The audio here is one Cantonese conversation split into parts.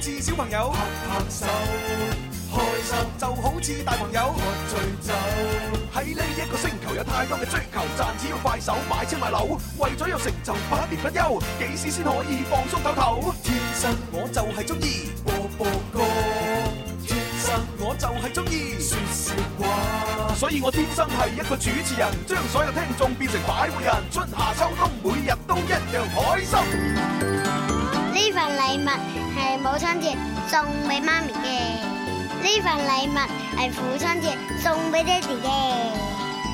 似 小朋友拍拍手，開心天就好似大朋友喝醉酒。喺呢一個星球有太多嘅追求，賺錢要快手，買車買樓，為咗有成就，百年不休。幾時先可以放鬆唞唞？天生我就係中意播播歌，天生我就係中意説説話。所以我天生係一個主持人，將所有聽眾變成擺渡人。春夏秋冬，每日都一樣開心。呢份禮物。係母親節送俾媽咪嘅。呢份禮物父親節送爹地，係父親節送俾爹哋嘅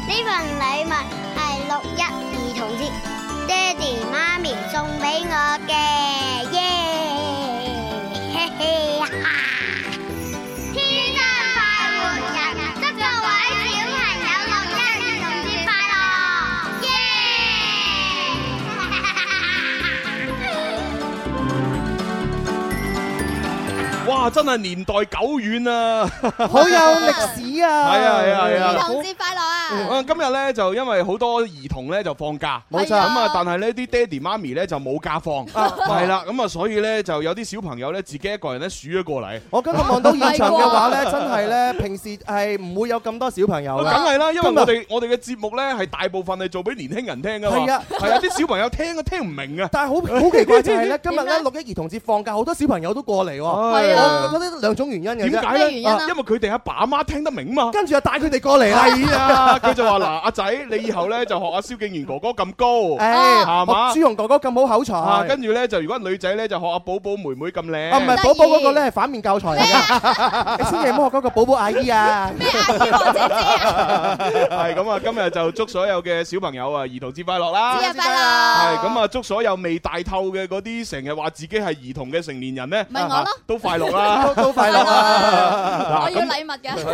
呢份禮物，係六一兒童節爹哋媽咪送俾我嘅。真係年代久遠啊！好有歷史啊！係啊係啊係啊！今日咧就因為好多兒童咧就放假，冇錯咁啊！但係咧啲爹哋媽咪咧就冇假放，係啦，咁啊，所以咧就有啲小朋友咧自己一個人咧數咗過嚟。我今日望到現場嘅話咧，真係咧平時係唔會有咁多小朋友。梗係啦，因為我哋我哋嘅節目咧係大部分係做俾年輕人聽㗎嘛。係啊，係啊，啲小朋友聽都聽唔明啊。但係好好奇怪就係咧，今日咧六一兒童節放假，好多小朋友都過嚟喎。係啊，我覺得兩種原因㗎啫。點解咧？因為佢哋阿爸阿媽聽得明嘛。跟住啊，帶佢哋過嚟啊。佢就話，嗱，阿仔，你以後咧就學阿蕭敬源哥哥咁高，係嘛？學朱紅哥哥咁好口才。跟住咧就如果女仔咧就學阿寶寶妹妹咁靚。唔係，寶寶嗰個咧係反面教材嚟噶。你千祈唔好學嗰個寶寶阿姨啊。係咁啊！今日就祝所有嘅小朋友啊，兒童節快樂啦！節日快樂。係咁啊！祝所有未大透嘅嗰啲成日話自己係兒童嘅成年人咧，咪我咯，都快樂啦，都快樂啦。我要禮物嘅。誒，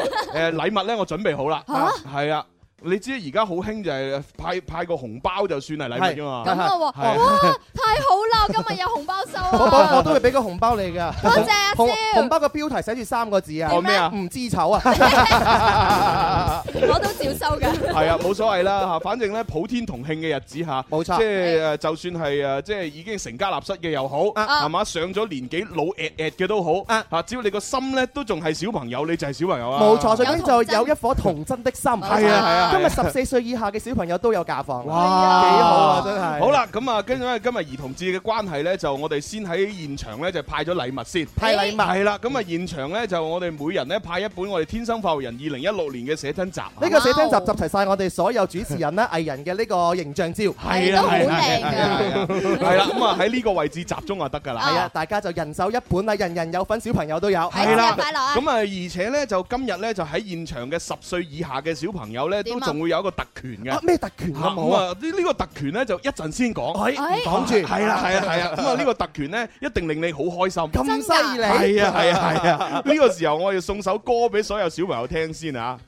禮物咧我準備好啦。吓，係啊。你知而家好興就係派派個紅包就算係禮物啊嘛，咁咯喎，哇，太好啦！今日有紅包收，我都會俾個紅包你噶。多謝阿超。紅包個標題寫住三個字啊，叫咩啊？唔知醜啊！我都照收噶。係啊，冇所謂啦嚇，反正咧普天同慶嘅日子嚇，冇錯。即係誒，就算係誒，即係已經成家立室嘅又好，係嘛？上咗年紀老嘅都好啊。只要你個心咧都仲係小朋友，你就係小朋友啊。冇錯，上邊就有一顆童真的心。係啊，係啊。今日十四歲以下嘅小朋友都有假放，哇，幾好啊！咁啊，跟住今日兒童節嘅關係咧，就我哋先喺現場咧就派咗禮物先，派禮物係啦。咁啊，現場咧就我哋每人咧派一本我哋《天生快活人》二零一六年嘅寫真集。呢個寫真集集齊晒我哋所有主持人咧、藝人嘅呢個形象照，係啊，係啊，係啊，係啦。咁啊喺呢個位置集中就得噶啦。係啊，大家就人手一本啦，人人有份，小朋友都有。係啦，咁啊，而且咧就今日咧就喺現場嘅十歲以下嘅小朋友咧，都仲會有一個特權嘅。啊咩特權啊？冇啊！呢個特權咧就一陣先。講唔擋住，係啦係啊係啊，咁啊呢個特權咧，一定令你好開心。咁犀利，係啊係啊係啊，呢個、啊啊、 時候我要送首歌俾所有小朋友聽先啊。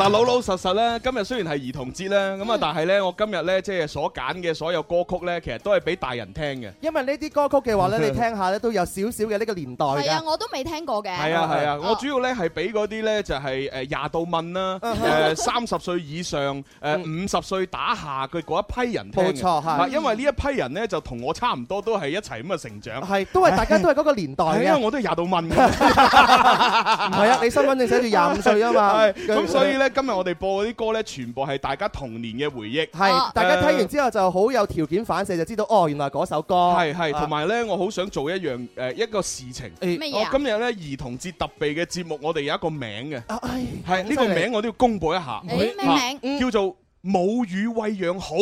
嗱，老老實實咧，今日雖然係兒童節咧，咁啊，但係咧，我今日咧即係所揀嘅所有歌曲咧，其實都係俾大人聽嘅。因為呢啲歌曲嘅話咧，你聽下咧 都有少少嘅呢個年代。係啊，我都未聽過嘅。係啊係啊，啊啊 oh. 我主要咧係俾嗰啲咧就係誒廿度蚊啦，誒三十歲以上，誒五十歲打下佢嗰一批人聽。冇錯，因為呢一批人咧就同我差唔多，都係一齊咁啊成長。係，都係大家都係嗰個年代嘅。因為 我都係廿度蚊，係 啊，你身份證寫住廿五歲啊嘛。咁 所以咧。今日我哋播嗰啲歌呢，全部係大家童年嘅回憶。係、哦，呃、大家睇完之後就好有條件反射，就知道哦，原來嗰首歌。係係、同埋、嗯、呢，我好想做一樣誒、呃，一個事情。哎、我今日呢，兒童節特備嘅節目，我哋有一個名嘅。係。呢個名我都要公布一下。誒，咩名？叫做。母乳餵養好，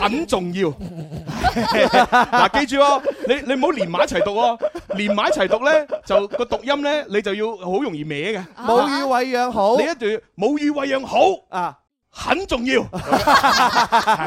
很重要。嗱、 啊，記住、哦，你你唔好連埋一齊讀、哦，連埋一齊讀咧就、那個讀音咧，你就要好容易歪嘅。母乳餵養好，你一定要母乳餵養好啊。很重要，係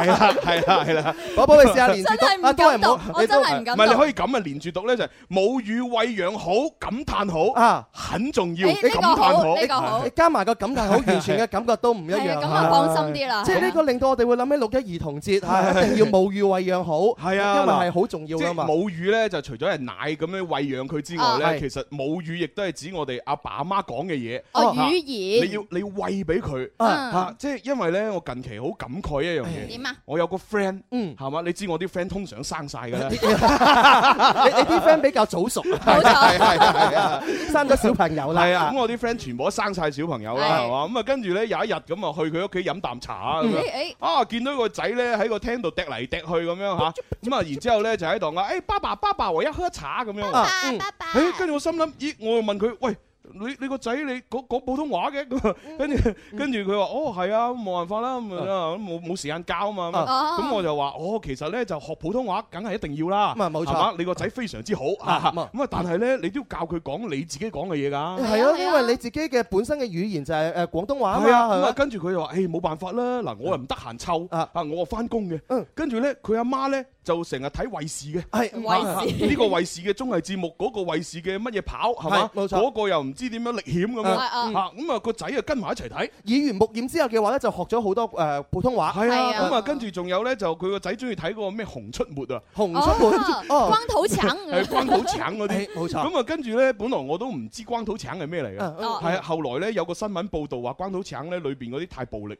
啦係啦係啦，我幫你試下連住，爸爸唔好，唔係你可以咁啊連住讀咧就母語餵養好感嘆好啊很重要，你感嘆好，你加埋個感嘆好，完全嘅感覺都唔一樣。係啊，咁就放心啲啦，即係呢個令到我哋會諗起六一兒童節係一定要母語餵養好，係啊，因為係好重要㗎嘛。母語咧就除咗係奶咁樣餵養佢之外咧，其實母語亦都係指我哋阿爸阿媽講嘅嘢哦語言，你要你要餵俾佢啊，即係因為。因為咧，我近期好感慨一樣嘢。點啊？我有個 friend，嗯，係嘛？你知我啲 friend 通常生晒㗎喇。你你啲 friend 比較早熟，係係係啊，生得小朋友啦。咁我啲 friend 全部都生晒小朋友啦，係嘛？咁啊，跟住咧有一日咁啊，去佢屋企飲啖茶啊。誒誒，啊，見到個仔咧喺個廳度滴嚟滴去咁樣吓。咁啊，然之後咧就喺度啊，誒，爸爸爸爸，我一喝茶咁樣。爸爸。誒，跟住我心諗，咦，我又問佢，喂。你你個仔，你講講普通話嘅咁跟住跟住佢話哦，係啊，冇辦法啦，咁啊，冇冇時間教啊嘛。咁我就話哦，其實咧就學普通話，梗係一定要啦，咁啊，冇錯，你個仔非常之好啊，咁啊，但係咧你都要教佢講你自己講嘅嘢㗎。係啊，因為你自己嘅本身嘅語言就係誒，廣東話啦。咁啊跟住佢就話誒，冇辦法啦，嗱我又唔得閒湊啊，我啊翻工嘅。嗯，跟住咧佢阿媽咧。就成日睇衞視嘅，係衞視呢個衞視嘅綜藝節目，嗰個衞視嘅乜嘢跑係嘛？冇錯，嗰個又唔知點樣歷險咁啊！啊咁啊，個仔啊跟埋一齊睇。耳濡目染之後嘅話咧，就學咗好多誒普通話。係啊，咁啊跟住仲有咧，就佢個仔中意睇嗰個咩熊出沒啊！熊出沒，光頭強係光頭強嗰啲，冇錯。咁啊跟住咧，本來我都唔知光頭強係咩嚟嘅，係啊後來咧有個新聞報道話光頭強咧裏邊嗰啲太暴力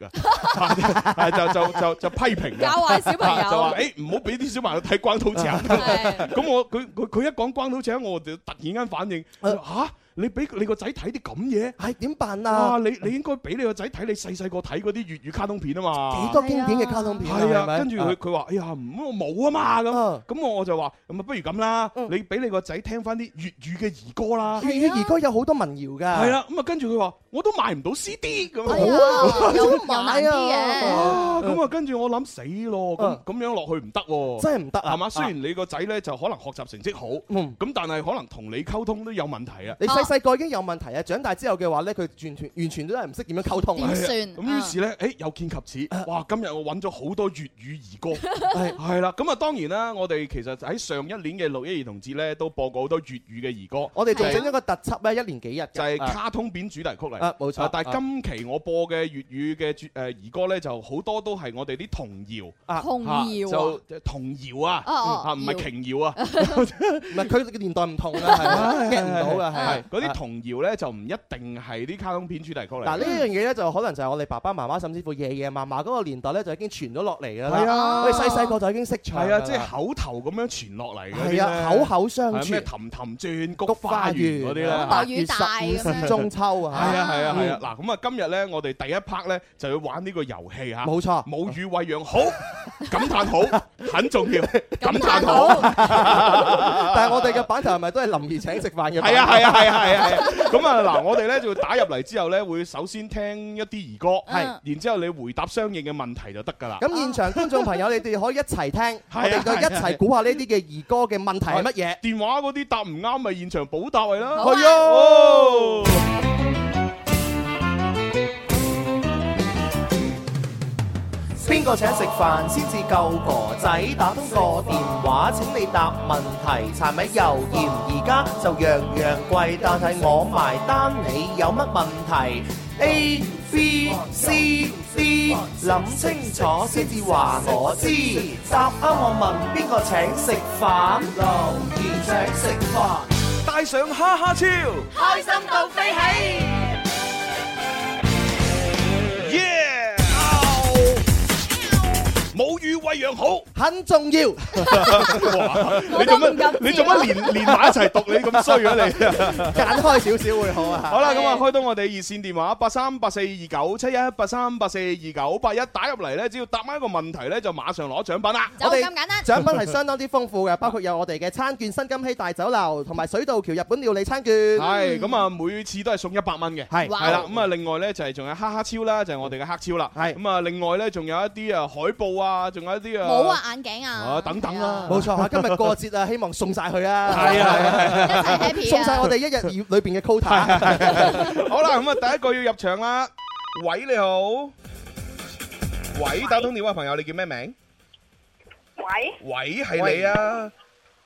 啊，就就就就批評教壞小朋友，就話誒唔好俾啲小少華睇光頭強，咁我佢佢佢一講《光頭強，我就突然間反應嚇。你俾你個仔睇啲咁嘢，係點辦啊？你你應該俾你個仔睇你細細個睇嗰啲粵語卡通片啊嘛。幾多經典嘅卡通片？係啊，跟住佢佢話：哎呀，唔，我冇啊嘛咁。咁我我就話：咁啊，不如咁啦，你俾你個仔聽翻啲粵語嘅兒歌啦。粵語兒歌有好多民謠㗎。係啊，咁啊跟住佢話：我都買唔到 CD 咁。有買啊？哇！咁啊跟住我諗死咯，咁咁樣落去唔得喎。真係唔得啊，係嘛？雖然你個仔咧就可能學習成績好，咁但係可能同你溝通都有問題啊。細個已經有問題啊！長大之後嘅話咧，佢完全完全都係唔識點樣溝通。點算？咁於是咧，誒有見及此，哇！今日我揾咗好多粵語兒歌，係啦。咁啊，當然啦，我哋其實喺上一年嘅六一兒童節咧，都播過好多粵語嘅兒歌。我哋仲整咗個特輯咧，一年幾日就係卡通片主題曲嚟。冇錯。但係今期我播嘅粵語嘅誒兒歌咧，就好多都係我哋啲童謠。童謠就童謠啊，啊唔係瓊瑤啊，唔係佢嘅年代唔同啦，係嘛？記唔到啦。啲童謠咧就唔一定係啲卡通片主題曲嚟。嗱，呢樣嘢咧就可能就係我哋爸爸媽媽甚至乎爺爺嫲嫲嗰個年代咧就已經傳咗落嚟噶啦。係啊，細細個就已經識唱。係啊，即係口頭咁樣傳落嚟嘅。係啊，口口相傳。咩？《氹氹轉》《菊花園》啲咧。大。中秋啊。係啊係啊係啊！嗱，咁啊，今日咧我哋第一 part 咧就要玩呢個遊戲吓。冇錯。母語餵養好，感嘆號，很重要。感嘆號。但係我哋嘅版頭係咪都係林兒請食飯嘅？係啊係啊係啊。係啊，咁啊嗱，係係我哋咧就打入嚟之後咧，會首先聽一啲兒歌，係是，然之後你回答相應嘅問題就得㗎喇。咁現場觀眾朋友，你哋可以一齊聽，啊、我哋就一齊估下呢啲嘅兒歌嘅問題係乜嘢？電話嗰啲答唔啱咪現場補答嚟啦。係啊。 邊個請食飯先至夠哥仔打通個電話，請你答問題，柴米油鹽而家就樣樣貴，但係我埋單，你有乜問題？A B C D，諗清楚先至話我知。答啱我問邊個請食飯？龍兒請食飯，帶上哈哈超，開心到飛起。母乳餵養好，很重要。你做乜？你做乜連連埋一齊讀？你咁衰啊！你，揀開少少會好啊。好啦，咁啊開通我哋熱線電話八三八四二九七一八三八四二九八一，打入嚟咧，只要答翻一個問題咧，就馬上攞獎品啦！就係咁簡單，獎品係相當之豐富嘅，包括有我哋嘅餐券、新金禧大酒樓同埋水道橋日本料理餐券。係咁啊，每次都係送一百蚊嘅。係係啦，咁啊另外咧就係仲有黑黑超啦，就係我哋嘅黑超啦。係咁啊，另外咧仲有一啲啊海報啊。啊，仲有一啲啊，冇啊，眼鏡啊，啊等等啦，冇錯啊，今日過節啊，希望送晒佢啊，係啊，一齊 happy，送晒我哋一日裏邊嘅 quota。好啦，咁啊，第一個要入場啦，喂，你好，喂，打通電話朋友，你叫咩名？喂，喂，係你啊，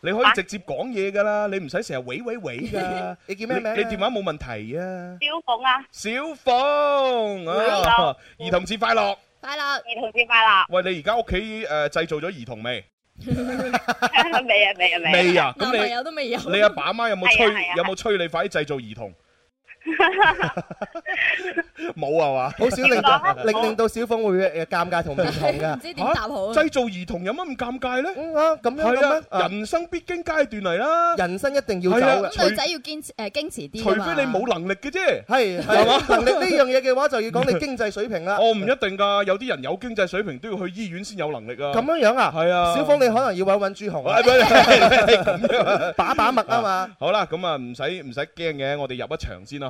你可以直接講嘢㗎啦，你唔使成日喂喂喂㗎，你叫咩名？你電話冇問題啊。小鳳啊。小鳳，快樂，兒童節快樂。快樂，兒童節快樂！喂，你而家屋企誒製造咗兒童未？未 啊，未啊，未。未啊，咁你都未有，有。你阿爸阿媽有冇催？有冇催你快啲製造兒童？冇啊嘛，好少令令令到小鳳會誒尷尬同唔同嘅，唔知點答好。製造兒童有乜唔尷尬咧？啊，咁樣咧，人生必經階段嚟啦。人生一定要走，女仔要堅持誒，堅持啲。除非你冇能力嘅啫，係係嘛？能力呢樣嘢嘅話，就要講你經濟水平啦。哦，唔一定噶，有啲人有經濟水平都要去醫院先有能力啊。咁樣樣啊？係啊。小鳳你可能要穩穩朱紅，把把脈啊嘛。好啦，咁啊唔使唔使驚嘅，我哋入一場先啦。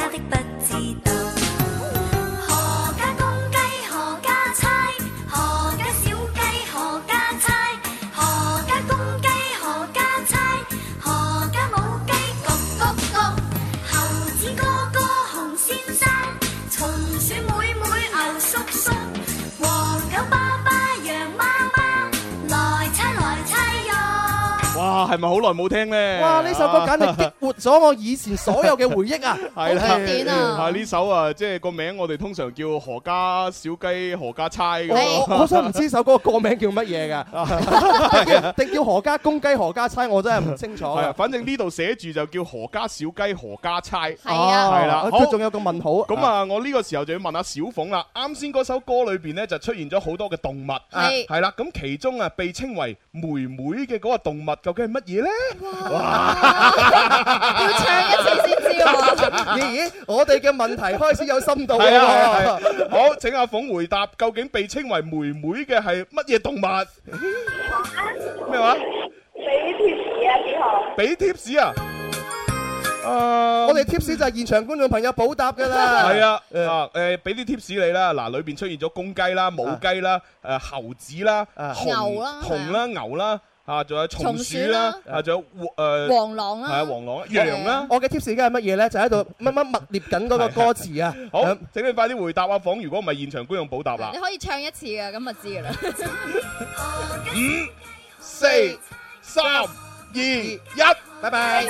係咪好耐冇聽呢？哇！呢首歌簡直激活咗我以前所有嘅回憶啊！好經典啊！呢首啊，即係個名，我哋通常叫何家小雞何家猜嘅。我想唔知首歌個名叫乜嘢嘅，定叫何家公雞何家猜？我真係唔清楚。反正呢度寫住就叫何家小雞何家猜。係啊，係啦，都仲有個問號。咁啊，我呢個時候就要問阿小鳳啦。啱先嗰首歌裏邊呢，就出現咗好多嘅動物。係係啦，咁其中啊被稱為妹妹嘅嗰個動物，究竟係乜？而咧，哇！要唱一次先知喎。咦？我哋嘅問題開始有深度喎。好，請阿鳳回答，究竟被稱為妹妹嘅係乜嘢動物？咩話？俾貼士啊，幾號？俾貼士啊？誒，我哋貼士就係現場觀眾朋友補答㗎啦。係啊，誒誒，俾啲貼士你啦。嗱，裏邊出現咗公雞啦、母雞啦、誒猴子啦、牛啦、熊啦、牛啦。啊，仲有松鼠啦，啊，仲有黃誒黃狼啦，係啊，黃狼啦，羊啦，我嘅貼士而家係乜嘢咧？就喺度乜乜默列緊嗰個歌詞啊！好，請你快啲回答啊！房，如果唔係現場觀眾補答啦，你可以唱一次嘅，咁就知噶啦。五、四、三、二、一，拜拜。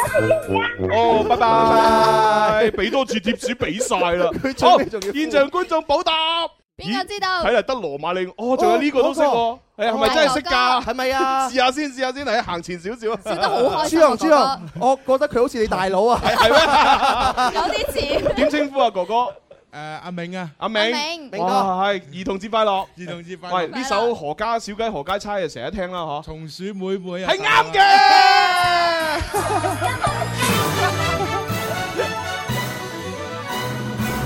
哦，拜拜，拜拜，俾多次貼士俾晒啦。好，現場觀眾補答。邊個知道？睇嚟得羅馬令哦，仲有呢個都識喎，係咪真係識噶？係咪啊？試下先，試下先嚟行前少少，笑得好開心。豬龍豬龍，我覺得佢好似你大佬啊，係咩？有啲似。點稱呼啊，哥哥？誒，阿明啊，阿明，明哥，係兒童節快樂，兒童節快樂。喂，呢首何家小雞何家猜啊，成日聽啦，嗬。松鼠妹妹係啱嘅。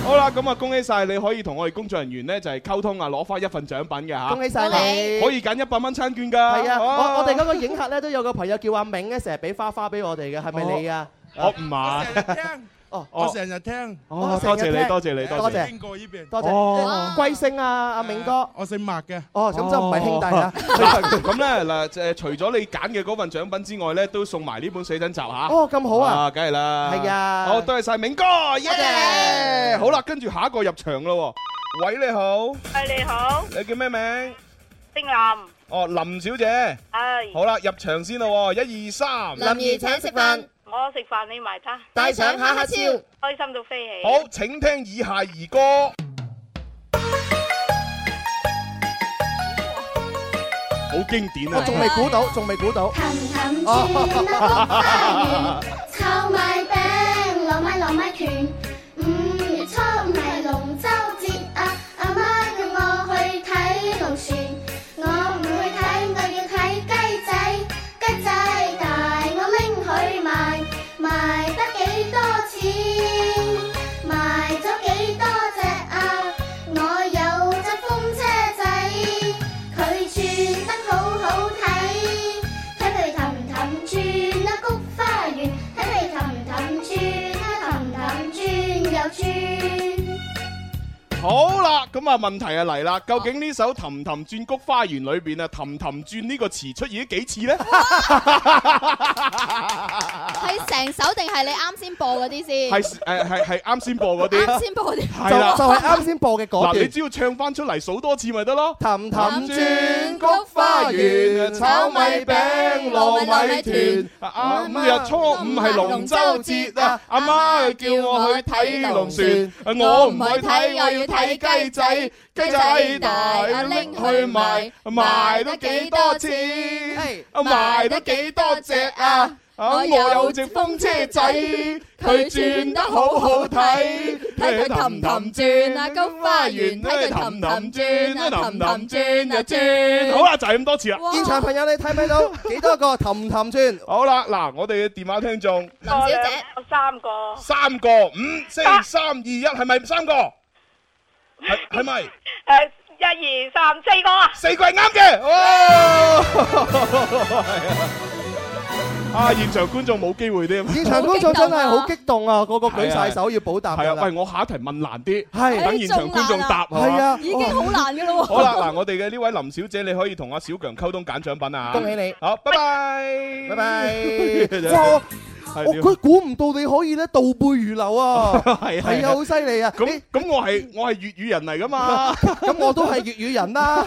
好啦，咁啊，恭喜晒！你可以同我哋工作人員呢，就係、是、溝通啊，攞翻一份獎品嘅吓。啊、恭喜晒！你、啊！可以揀一百蚊餐券㗎。係啊，哦、我我哋嗰個影客呢，都有個朋友叫阿銘呢，成日俾花花俾我哋嘅，係咪你、哦、啊？我唔係、啊。 我成日聽，多謝你，多謝你，多謝經過呢邊，多謝。貴姓啊，阿明哥？我姓麥嘅。哦，咁就唔係兄弟啦。咁咧嗱，誒，除咗你揀嘅嗰份獎品之外咧，都送埋呢本寫真集吓。哦，咁好啊，梗係啦。係啊。哦，多謝晒明哥，耶！好啦，跟住下一個入場啦。喂，你好。誒，你好。你叫咩名？丁林。哦，林小姐。係。好啦，入場先啦，一二三。林兒，請食飯。我食飯你埋單，帶上哈哈笑，開心到飛起。好，請聽以下兒歌，好經典啊！我仲未估到，仲未估到。氹氹轉，燈高高明，炒米餅，糯米糯米團，五月初五係龍。好啦，咁啊，問題就嚟啦。究竟呢首《氹氹轉菊花園》裏邊啊，《氹氹轉》呢個詞出現咗幾次咧？係成首定係你啱先播嗰啲先？係誒係係啱先播嗰啲。啱先播嗰啲。係啦，就係啱先播嘅嗰段。嗱，你只要唱翻出嚟數多次咪得咯。氹氹轉菊花園，炒米餅糯米團。五月初五係龍舟節啊！阿媽叫我去睇龍船，我唔去睇我要，睇雞仔，雞仔大，拎去賣，賣得幾多錢？賣得幾多隻啊，啊？我有隻風車仔，佢轉得好好睇，睇佢氹氹轉啊，菊花園睇佢氹氹轉，氹氹轉，一轉、啊。氹氹轉啊轉啊。好啦，就係、是、咁多次啦。現場朋友，你睇唔睇到幾多個氹氹轉？好啦，嗱，我哋嘅電話聽眾，林小姐，三個，三個五，四三二一，係咪三個？係咪？誒，一二三四個啊，四個啱嘅。啊！現場觀眾冇機會啲。現場觀眾真係好激動啊！個個舉晒手要補答。係啊，喂，我下一題問難啲，係等現場觀眾答係啊，已經好難嘅啦。好啦，嗱，我哋嘅呢位林小姐，你可以同阿小強溝通揀獎品啊。恭喜你，好，拜拜，拜拜。佢估唔到你可以咧倒背如流啊！係啊，好犀利啊！咁咁，我係我係粵語人嚟噶嘛？咁我都係粵語人啦。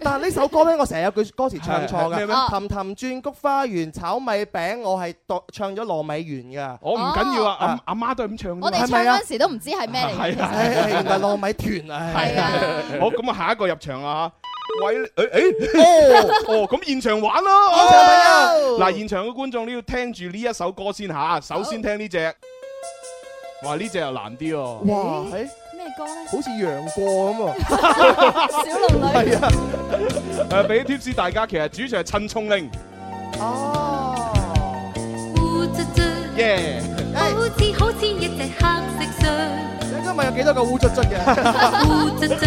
但係呢首歌咧，我成日有句歌詞唱錯㗎。氹氹轉菊花園炒米餅，我係唱咗糯米圓㗎。我唔緊要啊，阿阿媽都係咁唱。我哋唱嗰陣時都唔知係咩嚟。係啊，原來糯米團啊。係。好，咁啊，下一個入場啊！喂，誒誒，哦哦，咁現場玩咯，嗱，現場嘅觀眾都要聽住呢一首歌先吓，首先聽呢隻，哇，呢隻又難啲哦，哇，係咩歌咧？好似楊過咁啊，小龍女，誒，俾啲提示大家，其實主持係陳松伶，哦，烏卒卒，耶，好似好似一隻黑色蟀，你今日有幾多嚿烏卒卒嘅，烏卒卒。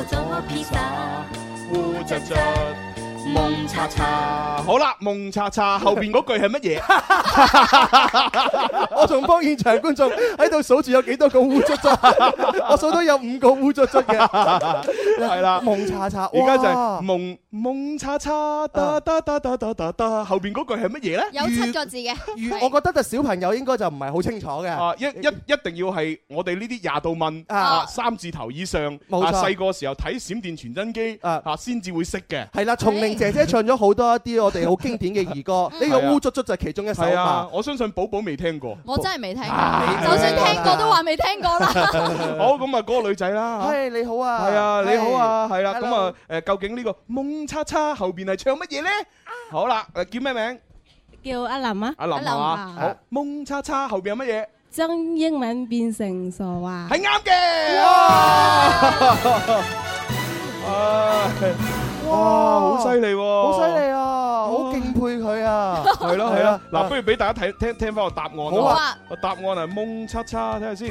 烏卒卒，夢查查。雜雜茶茶好啦，夢查查後邊嗰句係乜嘢？我仲幫現場觀眾喺度數住有幾多個烏卒卒， 我數到有五個烏卒卒嘅，係 啦，夢查查，而家哇就係夢。夢叉叉，噠噠噠噠噠噠，後邊嗰句係乜嘢咧？有七個字嘅，我覺得就小朋友應該就唔係好清楚嘅。啊，一一一定要係我哋呢啲廿度問啊，三字頭以上啊，細個時候睇《閃電傳真機》啊，先至會識嘅。係啦，叢玲姐姐唱咗好多一啲我哋好經典嘅兒歌，呢個烏卒卒就係其中一首嘛。我相信寶寶未聽過。我真係未聽過，就算聽過都話未聽過啦。好，咁啊，嗰個女仔啦，係你好啊，係啊，你好啊，係啦，咁啊，誒，究竟呢個夢？蒙叉叉後邊係唱乜嘢咧？好啦，叫咩名？叫阿林啊！阿林啊！好！蒙叉叉後邊有乜嘢？將英文變成傻話，係啱嘅。哇！哇！好犀利，好犀利啊！好敬佩佢啊！係咯，係啦。嗱，不如俾大家睇聽聽翻個答案。好啊，答案係蒙叉叉，睇下先。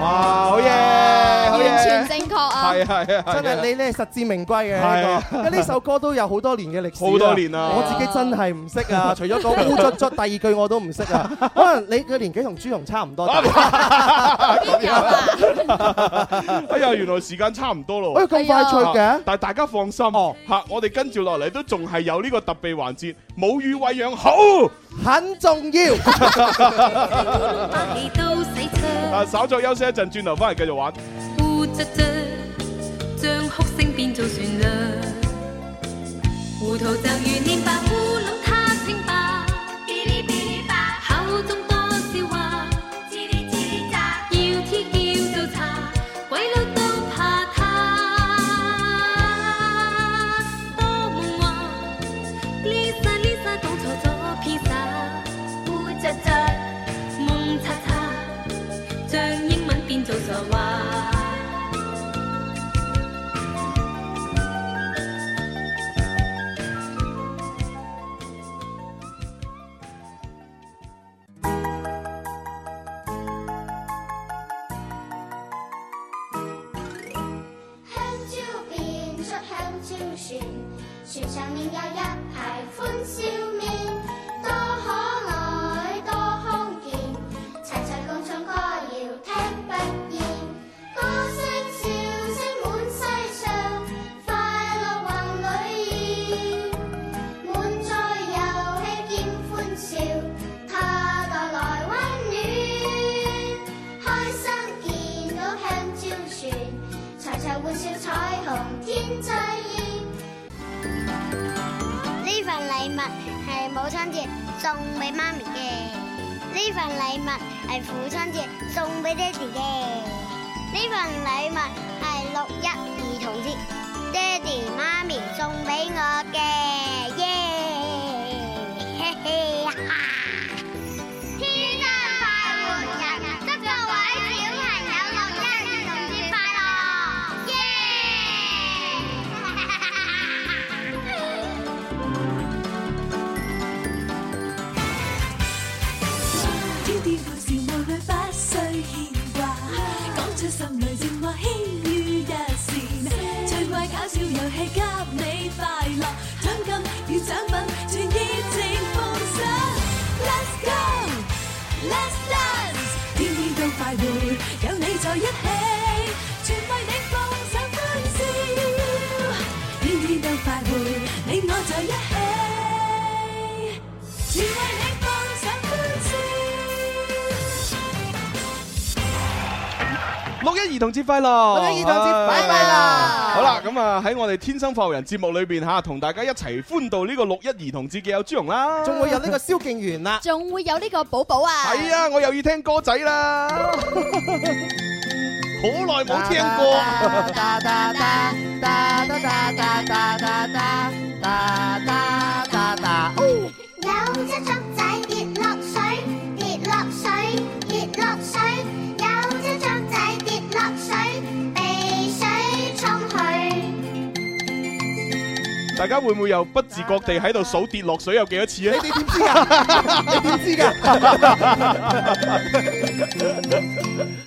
哇！好嘢，完全正確啊！係係啊，真係你咧實至名歸嘅呢呢首歌都有好多年嘅歷史，好多年啦。我自己真係唔識啊，除咗個烏卒卒，第二句我都唔識啊。可能你嘅年紀同朱紅差唔多。哎呀，原來時間差唔多咯。哎呀，咁快脆嘅？但係大家放心哦，嚇，我哋跟住落嚟都仲係有呢個特備環節。母乳喂養好很重要。啊，稍作休息一陣，轉頭翻嚟繼續玩。 胡植植將哭聲變做將英文變做說話。童之快樂，兒童節拜快樂，哎、快樂好啦，咁啊喺我哋天生快活人節目裏邊嚇，同大家一齊歡度呢個六一兒童節嘅有朱蓉啦，仲會有呢個蕭敬元啦，仲會有呢個寶寶啊，係啊，我又要聽歌仔啦，好耐冇聽過。 哦有大家會唔會又不自覺地喺度數跌落水有幾多次咧？ 你點知㗎？你點知㗎？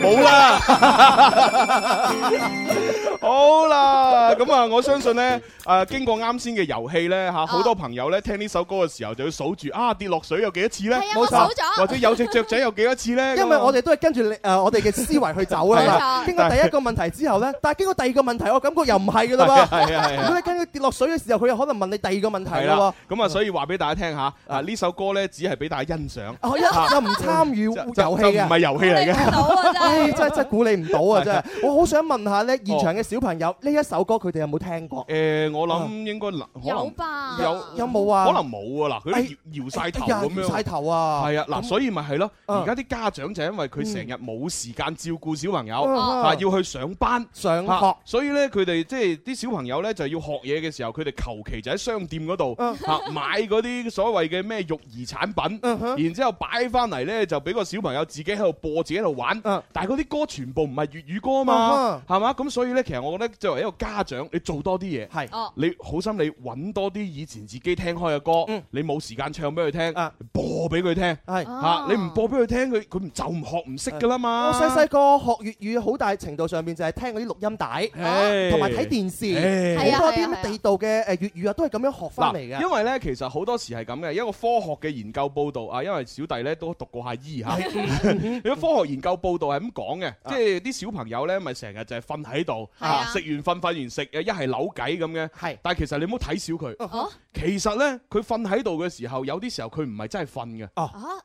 冇啦，好啦，咁啊，我相信呢，誒、啊，經過啱先嘅遊戲呢，吓、啊，好多朋友呢，聽呢首歌嘅時候，就要數住啊，跌落水有幾多次呢？冇數咗，啊、數或者有隻雀仔有幾多次呢？因為我哋都係跟住誒、呃，我哋嘅思維去走啦。啊、經過第一個問題之後呢，但係經過第二個問題，我感覺又唔係噶啦喎。係啊係、啊、如果你跟住跌落水嘅時候，佢又可能問你第二個問題啦。咁啊，嗯、所以話俾大家聽吓，啊，呢首歌呢，只係俾大家欣賞、啊，就唔參與遊戲，唔係遊戲嚟嘅。真真估你唔到啊！真係，我好想問下呢現場嘅小朋友，呢一首歌佢哋有冇聽過？誒，我諗應該可能有吧，有有冇啊？可能冇啊！嗱，佢都搖晒頭咁樣，搖晒頭啊！係啊！嗱，所以咪係咯，而家啲家長就因為佢成日冇時間照顧小朋友啊，要去上班上學，所以呢，佢哋即係啲小朋友呢，就要學嘢嘅時候，佢哋求其就喺商店嗰度嚇買嗰啲所謂嘅咩育兒產品，然之後擺翻嚟呢，就俾個小朋友自己喺度播，自己喺度玩。但嗰啲歌全部唔係粵語歌啊嘛，係嘛？咁所以咧，其實我覺得作為一個家長，你做多啲嘢係，你好心你揾多啲以前自己聽開嘅歌，你冇時間唱俾佢聽，播俾佢聽，嚇你唔播俾佢聽，佢佢就唔學唔識㗎啦嘛。我細細個學粵語，好大程度上面就係聽嗰啲錄音帶，同埋睇電視，好多啲地道嘅誒粵語啊，都係咁樣學翻嚟㗎。因為咧，其實好多時係咁嘅，一個科學嘅研究報道啊，因為小弟咧都讀過下醫嚇，咁科學研究報道係。講嘅，即係啲小朋友呢，咪成日就係瞓喺度，食，啊、完瞓，瞓完食，一係扭計咁嘅。係，但係其實你唔好睇小佢，啊、其實呢，佢瞓喺度嘅時候，有啲時候佢唔係真係瞓嘅，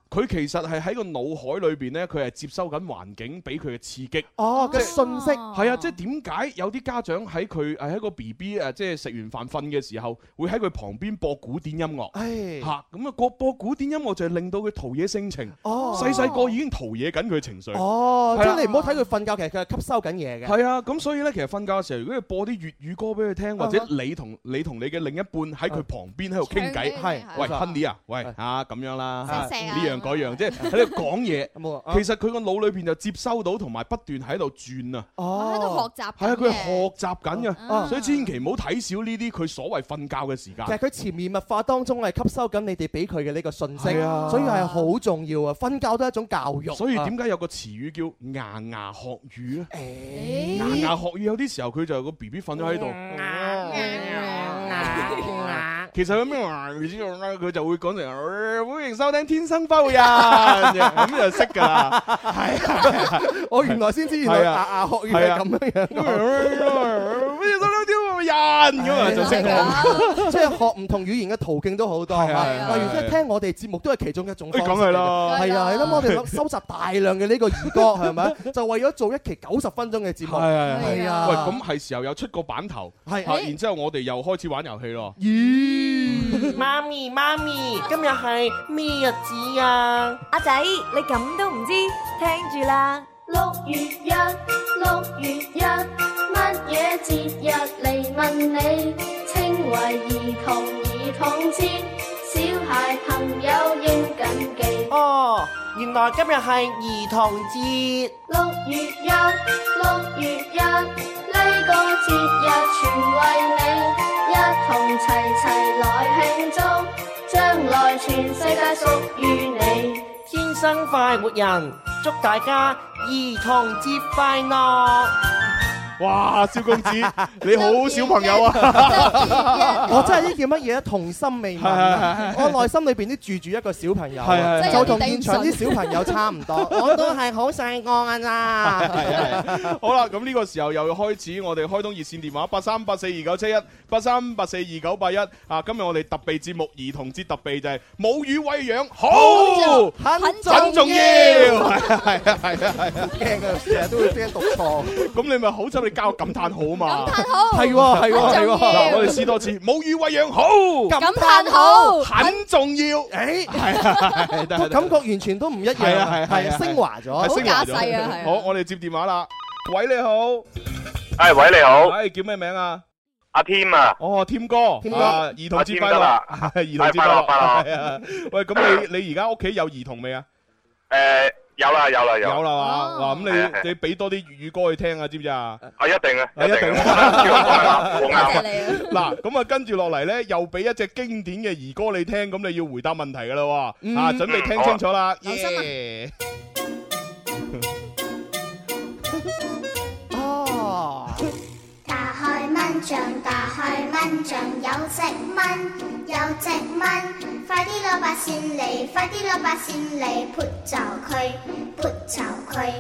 佢、啊、其實係喺個腦海裏邊呢，佢係接收緊環境俾佢嘅刺激，嘅信息係啊，即係點解有啲家長喺佢喺個 B B 誒，即係食完飯瞓嘅時候，會喺佢旁邊播古典音樂，吓咁、哎、啊，個、播古典音樂就係令到佢陶冶性情，細細個已經陶冶緊佢情緒。哦真係你唔好睇佢瞓覺，其實佢係吸收緊嘢嘅。係啊，咁所以咧，其實瞓覺嘅時候，如果你播啲粵語歌俾佢聽，或者你同你同你嘅另一半喺佢旁邊喺度傾偈，係，喂 Honey 啊，喂啊咁樣啦，呢樣嗰樣，即係喺度講嘢。其實佢個腦裏邊就接收到同埋不斷喺度轉啊。哦，喺度學習嘅。係啊，佢學習緊嘅，所以千祈唔好睇少呢啲佢所謂瞓覺嘅時間。其實佢潛移默化當中係吸收緊你哋俾佢嘅呢個訊息，所以係好重要啊！瞓覺都係一種教育。所以點解有個詞語叫？牙牙學語啊！欸、牙牙學語有啲時候佢就有個 B B 瞓咗喺度。牙鴨 其實咁樣唔佢就會講成、呃、歡迎收聽天生快活人啊，啊，啊，咁就識㗎啦。係啊， 我原來先知原來牙牙學語係咁樣講。 即係學唔同語言嘅途徑都好多，例如即係聽我哋節目都係其中一種方式。係啊，係啦，我哋收集大量嘅呢個兒歌，係咪？就為咗做一期九十分鐘嘅節目。係啊，喂，咁係時候又出個版頭，係，然之後我哋又開始玩遊戲咯。咦，媽咪，媽咪，今日係咩日子啊？阿仔，你咁都唔知，聽住啦。六月一，六月一，乜嘢節日嚟問你？稱為兒童兒童節，小孩朋友應緊記。哦，原來今日係兒童節。六月一，六月一，呢個節日全為你，一同齊齊來慶祝，將來全世界屬於你。天生快活人。祝大家兒童節快樂。哇，小公子你好小朋友啊！我真係啲叫乜嘢咧？童心未泯，我內心裏邊都住住一個小朋友，就同現場啲小朋友差唔多。我都係好細個噶咋。係啊係。好啦，咁呢個時候又要開始我哋開通熱線電話八三八四二九七一八三八四二九八一啊！今日我哋特備節目《兒童節特備》就係母乳餵養好，很重要，係啊係啊係啊係啊。驚啊！成日都會驚讀錯。咁你咪好出？你教我感嘆號嘛？係喎，係喎，係喎，嗱，我哋試多次，母乳餵養好，感嘆號，很重要。誒，係，感覺完全都唔一樣，係啊，係啊，升華咗，好架勢啊！好，我哋接電話啦。喂，你好，誒，喂，你好，誒，叫咩名啊？阿添啊，哦，添哥，添哥，兒童節快樂，兒童節快樂，係啊。喂，咁你你而家屋企有兒童未啊？誒。有啦有啦有啦，嗱咁你你俾多啲粵語歌去聽啊，知唔知啊？啊，一定啊，一定。嗱咁啊，跟住落嚟咧，又俾一隻經典嘅兒歌你聽，咁你要回答問題噶啦，啊，準備聽清楚啦，二三！哦，打開蚊帳，打開。像有隻蚊，有隻蚊，快啲攞把扇嚟，快啲攞把扇嚟撲就佢，撲就佢。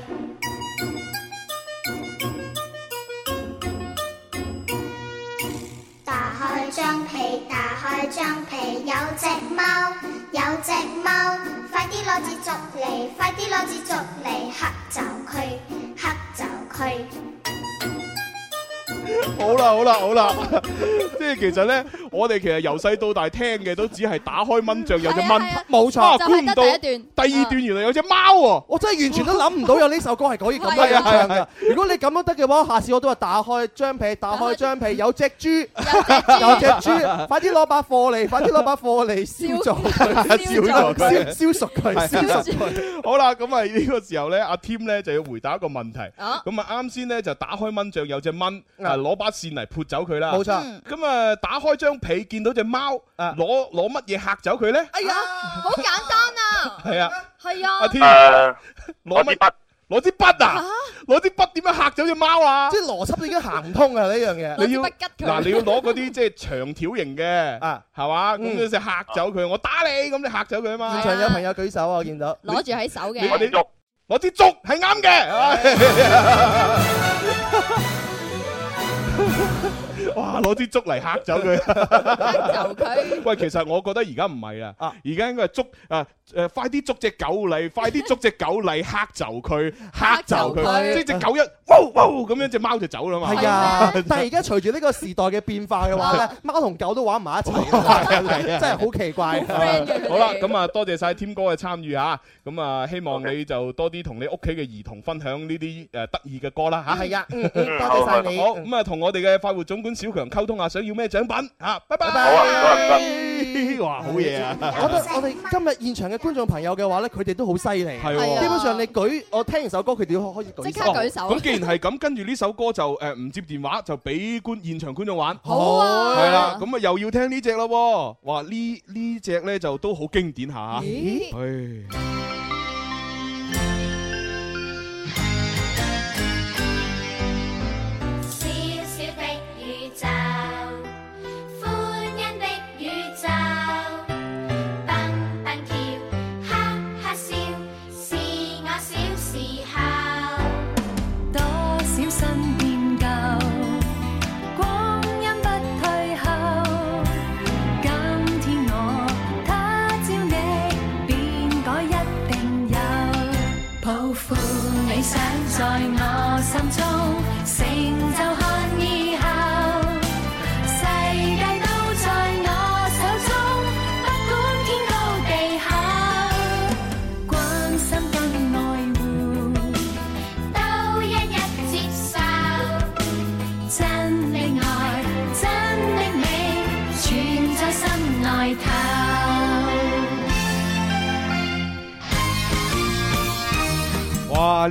打開張被，打開張被，有隻貓，有隻貓，快啲攞支竹嚟，快啲攞支竹嚟嚇就佢，嚇就佢。好啦好啦好啦，即 係其實咧。我哋其實由細到大聽嘅都只係打開蚊帳有隻蚊，冇錯。估唔到第二段原來有隻貓喎，我真係完全都諗唔到有呢首歌係可以咁樣嘅。如果你咁樣得嘅話，下次我都話打開張被，打開張被有隻豬，有隻豬，快啲攞把火嚟，快啲攞把火嚟燒咗佢，燒熟佢，燒熟佢。好啦，咁啊呢個時候咧，阿添 i 咧就要回答一個問題。咁啊啱先咧就打開蚊帳有隻蚊，啊攞把線嚟潑走佢啦。冇錯。咁啊打開張。佢見到隻貓，攞攞乜嘢嚇走佢咧？哎呀，好簡單啊！係啊，係啊，阿天，攞乜筆，攞支筆啊，攞支筆點樣嚇走隻貓啊？即係邏輯已經行唔通啊！呢樣嘢，你要吉嗱，你要攞嗰啲即係長條形嘅啊，係嘛？咁就嚇走佢，我打你，咁你嚇走佢啊嘛！現場有朋友舉手啊，我見到攞住喺手嘅，攞啲竹，攞支竹係啱嘅。哇！攞啲竹嚟嚇走佢，喂，其實我覺得而家唔係啊，而家應該係捉啊誒，快啲捉隻狗嚟，快啲捉隻狗嚟嚇走佢，嚇走佢。即係隻狗一 wow wow 咁樣，隻貓就走啦嘛。係啊！但係而家隨住呢個時代嘅變化嘅話，貓同狗都玩唔埋一齊，真係好奇怪。好啦，咁啊，多謝晒添哥嘅參與啊！咁啊，希望你就多啲同你屋企嘅兒童分享呢啲誒得意嘅歌啦嚇。係啊，多謝晒你。好咁啊，同我哋嘅快活總管小強溝通下，想要咩獎品啊？拜拜！好啊！哇，好嘢啊！我覺得我哋今日現場嘅觀眾朋友嘅話咧，佢哋都好犀利。係、哦、基本上你舉，我聽完首歌，佢哋可可以舉？即刻舉手。咁、哦、既然係咁，跟住呢首歌就誒唔、呃、接電話，就俾觀現場觀眾玩。好啊！係啦，咁啊又要聽呢隻咯？哇！呢呢隻咧就都好經典下。啊、咦？哎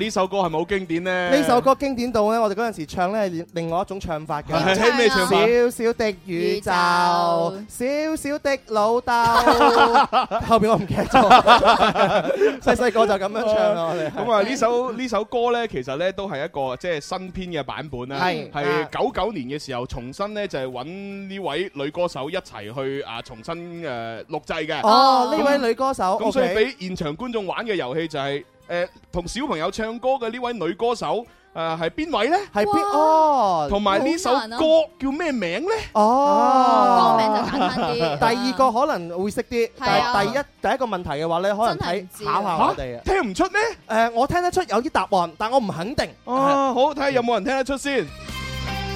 呢首歌係咪好經典呢？呢首歌經典到咧，我哋嗰陣時唱咧係另外一種唱法嘅。咩唱法？「小小的宇宙，小小的老豆」。後邊我唔記得咗。細細個就咁樣唱咯。咁啊，呢首呢首歌咧，其實咧都係一個即係新編嘅版本啦。係係九九年嘅時候，重新咧就係搵呢位女歌手一齊去啊，重新誒錄製嘅。哦，呢位女歌手。咁所以俾現場觀眾玩嘅遊戲就係。誒，同小朋友唱歌嘅呢位女歌手誒係邊位咧？係邊哇？同埋呢首歌叫咩名呢？哦，啊、歌名就簡單啲。第二個可能會識啲， 但係第一 第一個問題嘅話咧，你可能睇，考下我哋啊，聽唔出咩？誒、呃，我聽得出有啲答案，但我唔肯定。哦、啊，好，睇下有冇人聽得出先。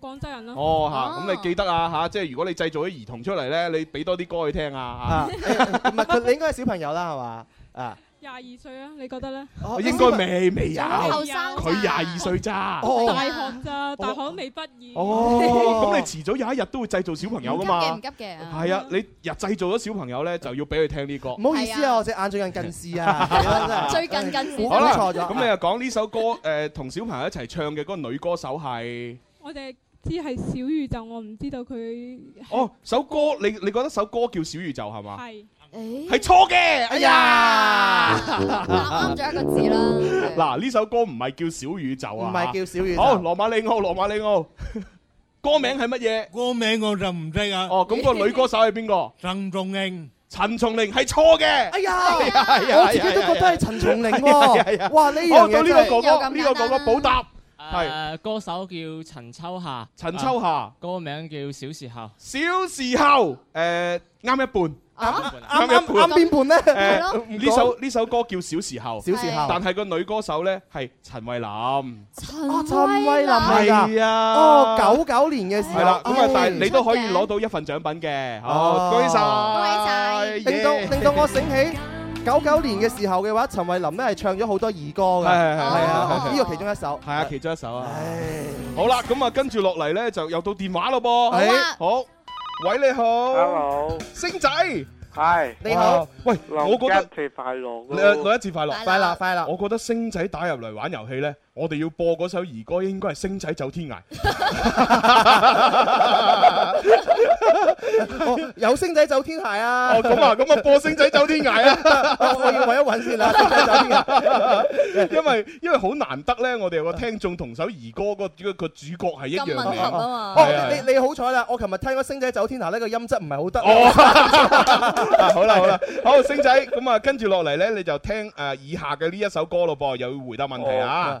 廣州人咯，哦嚇，咁你記得啊嚇，即係如果你製造啲兒童出嚟咧，你俾多啲歌佢聽啊嚇，唔係你應該係小朋友啦係嘛？啊，廿二歲啊，你覺得咧？應該未未有，佢廿二歲咋，大學咋，大學未畢業。哦，咁你遲早有一日都會製造小朋友噶嘛？唔急唔急嘅。係啊，你若製造咗小朋友咧，就要俾佢聽呢個。唔好意思啊，我隻眼最近近視啊，最近近視。好啦，咁你又講呢首歌誒，同小朋友一齊唱嘅嗰個女歌手係我哋。知係小宇宙，我唔知道佢。哦，首歌你你覺得首歌叫小宇宙係嘛？係，係錯嘅。哎呀，啱咗一個字啦。嗱，呢首歌唔係叫小宇宙啊，唔係叫小宇宙。哦，羅馬里奧，羅馬里奧，歌名係乜嘢？歌名我就唔知啊。哦，咁個女歌手係邊個？曾仲英。陳松伶係錯嘅。哎呀，我自己都覺得係陳松伶。哇，呢樣嘢，好，對呢個哥哥，呢個哥哥補答。係，誒，歌手叫陳秋霞，陳秋霞，歌名叫《小時候》，小時候，誒，啱一半，啱一半，啱啱邊半咧？係咯，呢首呢首歌叫《小時候》，小時候，但係個女歌手咧係陳慧琳，陳慧琳係啊，哦，九九年嘅時，係啦，咁啊，但係你都可以攞到一份獎品嘅，好，恭喜晒，恭喜晒，令到令到我醒起。九九年嘅時候嘅話，陳慧琳咧係唱咗好多兒歌嘅。係啊，呢個其中一首，係啊，其中一首啊。唉好啦，咁啊跟住落嚟咧就又到電話咯噃，好，啊、好，喂你好，Hello. 星仔，係，Hi. 你好，喂，我覺得，祝你六一節快樂，六一節快樂，快啦快啦，我覺得星仔打入嚟玩遊戲咧。我哋要播嗰首兒歌，應該係《星仔走天涯》。有《星仔走天涯》啊！哦，咁啊，咁啊，播《星仔走天涯》啊！我要搵一搵先啦，《星仔走天涯》。因為因為好難得咧，我哋有個聽眾同首兒歌個個主角係一樣嚟啊嘛。哦，你你好彩啦，我琴日聽嗰《星仔走天涯》呢個音質唔係好得。哦，好啦好啦，好星仔，咁啊跟住落嚟咧，你就聽誒以下嘅呢一首歌咯噃，又要回答問題啊！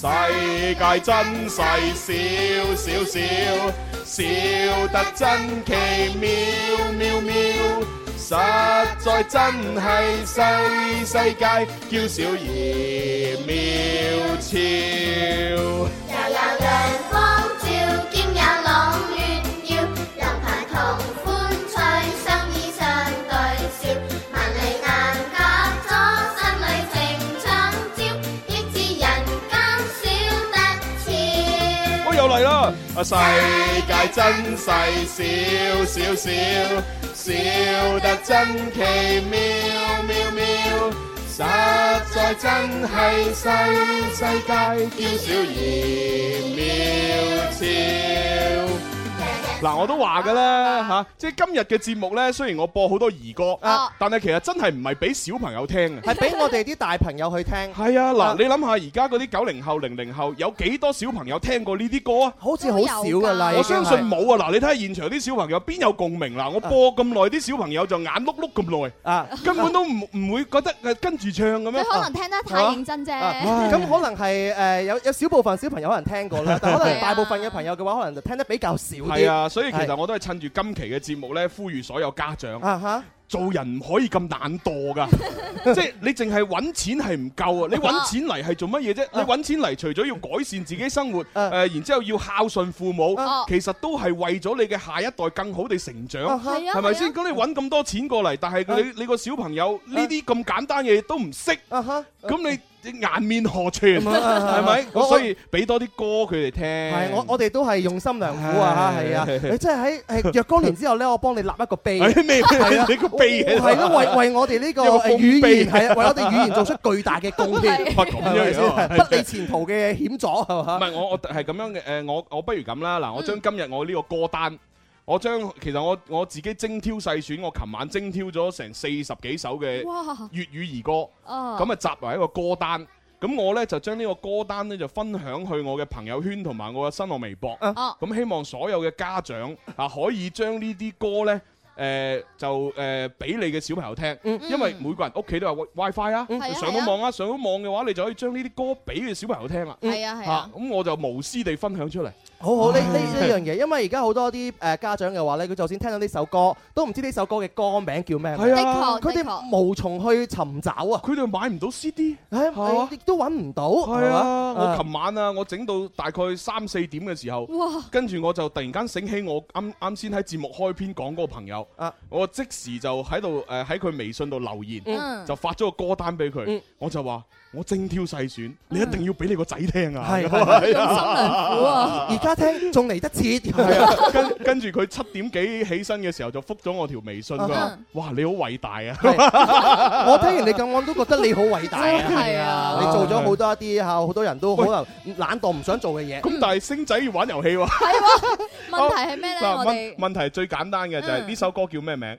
世界真細，小小小，小得真奇妙妙妙，實在真係細世界，嬌小而妙俏，又有陽光照，見，有朗月。啊，世界真細，小，小小小得真奇妙，妙妙，實在真係細，世界嬌小而渺小。嗱，我都話㗎啦吓，即係今日嘅節目咧，雖然我播好多兒歌，但係其實真係唔係俾小朋友聽嘅，係俾我哋啲大朋友去聽。係啊，嗱，你諗下而家嗰啲九零後、零零後，有幾多小朋友聽過呢啲歌啊？好似好少㗎啦，我相信冇啊！嗱，你睇下現場啲小朋友邊有共鳴？嗱，我播咁耐，啲小朋友就眼碌碌咁耐，啊，根本都唔唔會覺得誒跟住唱咁樣？佢可能聽得太認真啫，咁可能係誒有有少部分小朋友可能聽過啦，但係可能大部分嘅朋友嘅話，可能就聽得比較少啲。所以其實我都係趁住今期嘅節目咧，呼籲所有家長，uh huh. 做人唔可以咁懶惰噶， 即係你淨係揾錢係唔夠啊！你揾錢嚟係做乜嘢啫？Uh huh. 你揾錢嚟除咗要改善自己生活，誒、uh huh. 呃、然之後要孝順父母，uh huh. 其實都係為咗你嘅下一代更好地成長，係咪先？咁你揾咁多錢過嚟，但係你、uh huh. 你個小朋友呢啲咁簡單嘅嘢都唔識，咁、uh huh. 你。啲顏面何存？係咪？所以俾多啲歌佢哋聽。係我我哋都係用心良苦啊！吓係啊！你真係喺誒若干年之後咧，我幫你立一個碑。你個碑係。係咯，為為我哋呢個語言係啊，為我哋語言做出巨大嘅貢獻，不講先，不理前途嘅險阻嚇。唔係我我係咁樣嘅誒，我我不如咁啦嗱，我將今日我呢個歌單。我將其實我我自己精挑細選，我琴晚精挑咗成四十幾首嘅粵語兒歌，咁啊 Wow .、uh, 集為一個歌單。咁我呢，就將呢個歌單呢，就分享去我嘅朋友圈同埋我嘅新浪微博。咁、uh. 希望所有嘅家長啊，可以將呢啲歌呢，誒、呃、就誒俾、呃、你嘅小朋友聽，因為每個人屋企都有 WiFi 啊，uh, 啊上到網啊，啊啊上到網嘅話你就可以將呢啲歌俾你嘅小朋友聽啦。咁、啊啊啊、我就無私地分享出嚟。好好呢呢呢樣嘢，因為而家好多啲誒、呃、家長嘅話呢，佢就算聽到呢首歌，都唔知呢首歌嘅歌名叫咩？係啊，佢哋無從去尋找啊，佢哋買唔到 CD，係亦、啊、都揾唔到。係啊，啊啊我琴晚啊，我整到大概三四點嘅時候，哇跟住我就突然間醒起我啱啱先喺節目開篇講嗰個朋友，啊、我即時就喺度誒喺佢微信度留言，嗯、就發咗個歌單俾佢，嗯、我就話。我精挑細選，你一定要俾你個仔聽啊！係，好辛苦啊！而家聽仲嚟得切，跟跟住佢七點幾起身嘅時候就覆咗我條微信，哇！你好偉大啊！我聽完你咁講都覺得你好偉大啊！係啊，你做咗好多一啲嚇好多人都可能懶惰唔想做嘅嘢。咁但係星仔要玩遊戲喎，係喎。問題係咩咧？我哋問題最簡單嘅就係呢首歌叫咩名？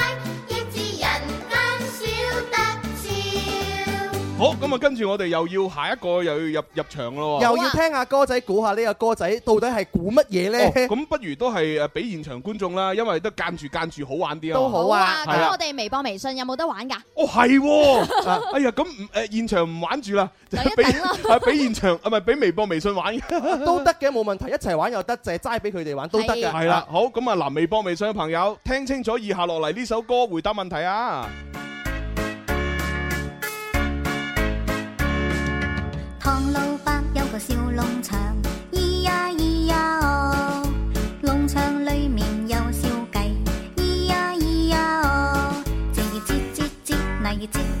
好，咁啊，跟住我哋又要下一個，又要入入場咯，又要聽下歌仔估下呢個歌仔到底係估乜嘢咧？咁不如都係誒，俾現場觀眾啦，因為都間住間住好玩啲咯。都好啊，咁我哋微博、微信有冇得玩噶？哦，係，哎呀，咁誒，現場唔玩住啦，俾啊，俾現場啊，係咪俾微博、微信玩都得嘅，冇問題，一齊玩又得，就係齋俾佢哋玩都得嘅，係啦。好，咁啊，嗱，微博、微信嘅朋友，聽清楚以下落嚟呢首歌，回答問題啊！唐老伯有個小農場，咿呀咿呀哦，農場裏面有小雞，咿呀咿呀哦，這兒唧唧唧，那兒唧唧。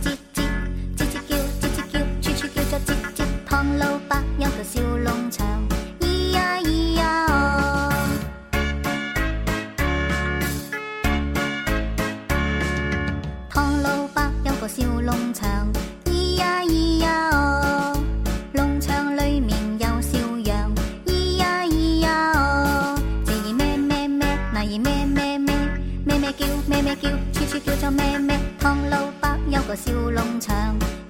在咩咩唐老伯有個小農場。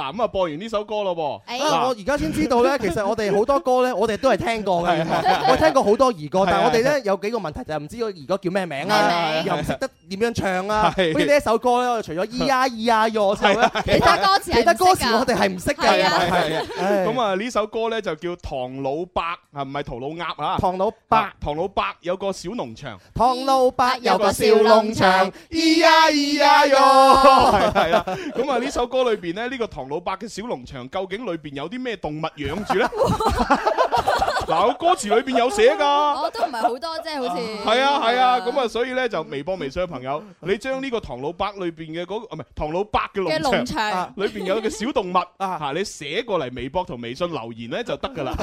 嗱咁啊播完呢首歌咯噃。嗱我而家先知道咧，其實我哋好多歌咧，我哋都係聽過嘅，我聽過好多兒歌，但係我哋咧有幾個問題就係唔知個兒歌叫咩名啊，又唔識得點樣唱啊，所以呢一首歌咧，我除咗咿呀咿呀呦，其他歌詞其他歌詞我哋係唔識嘅，咁啊呢首歌咧就叫唐老伯啊，唔係唐老鴨啊，唐老伯，唐老伯有個小農場，唐老伯有個小農場，咿呀咿呀呦，係啊，咁啊呢首歌裏邊咧呢個唐。老伯嘅小農場究竟裏邊有啲咩動物養住咧？ 嗱，佢歌詞裏邊有寫噶，我都唔係好多，啫，好似係啊係啊，咁啊，所以咧就微博、微信嘅朋友，你將呢個唐老伯裏邊嘅嗰，唔係唐老伯嘅農場，嘅農場裏邊有個小動物啊吓，你寫過嚟微博同微信留言咧就得噶啦。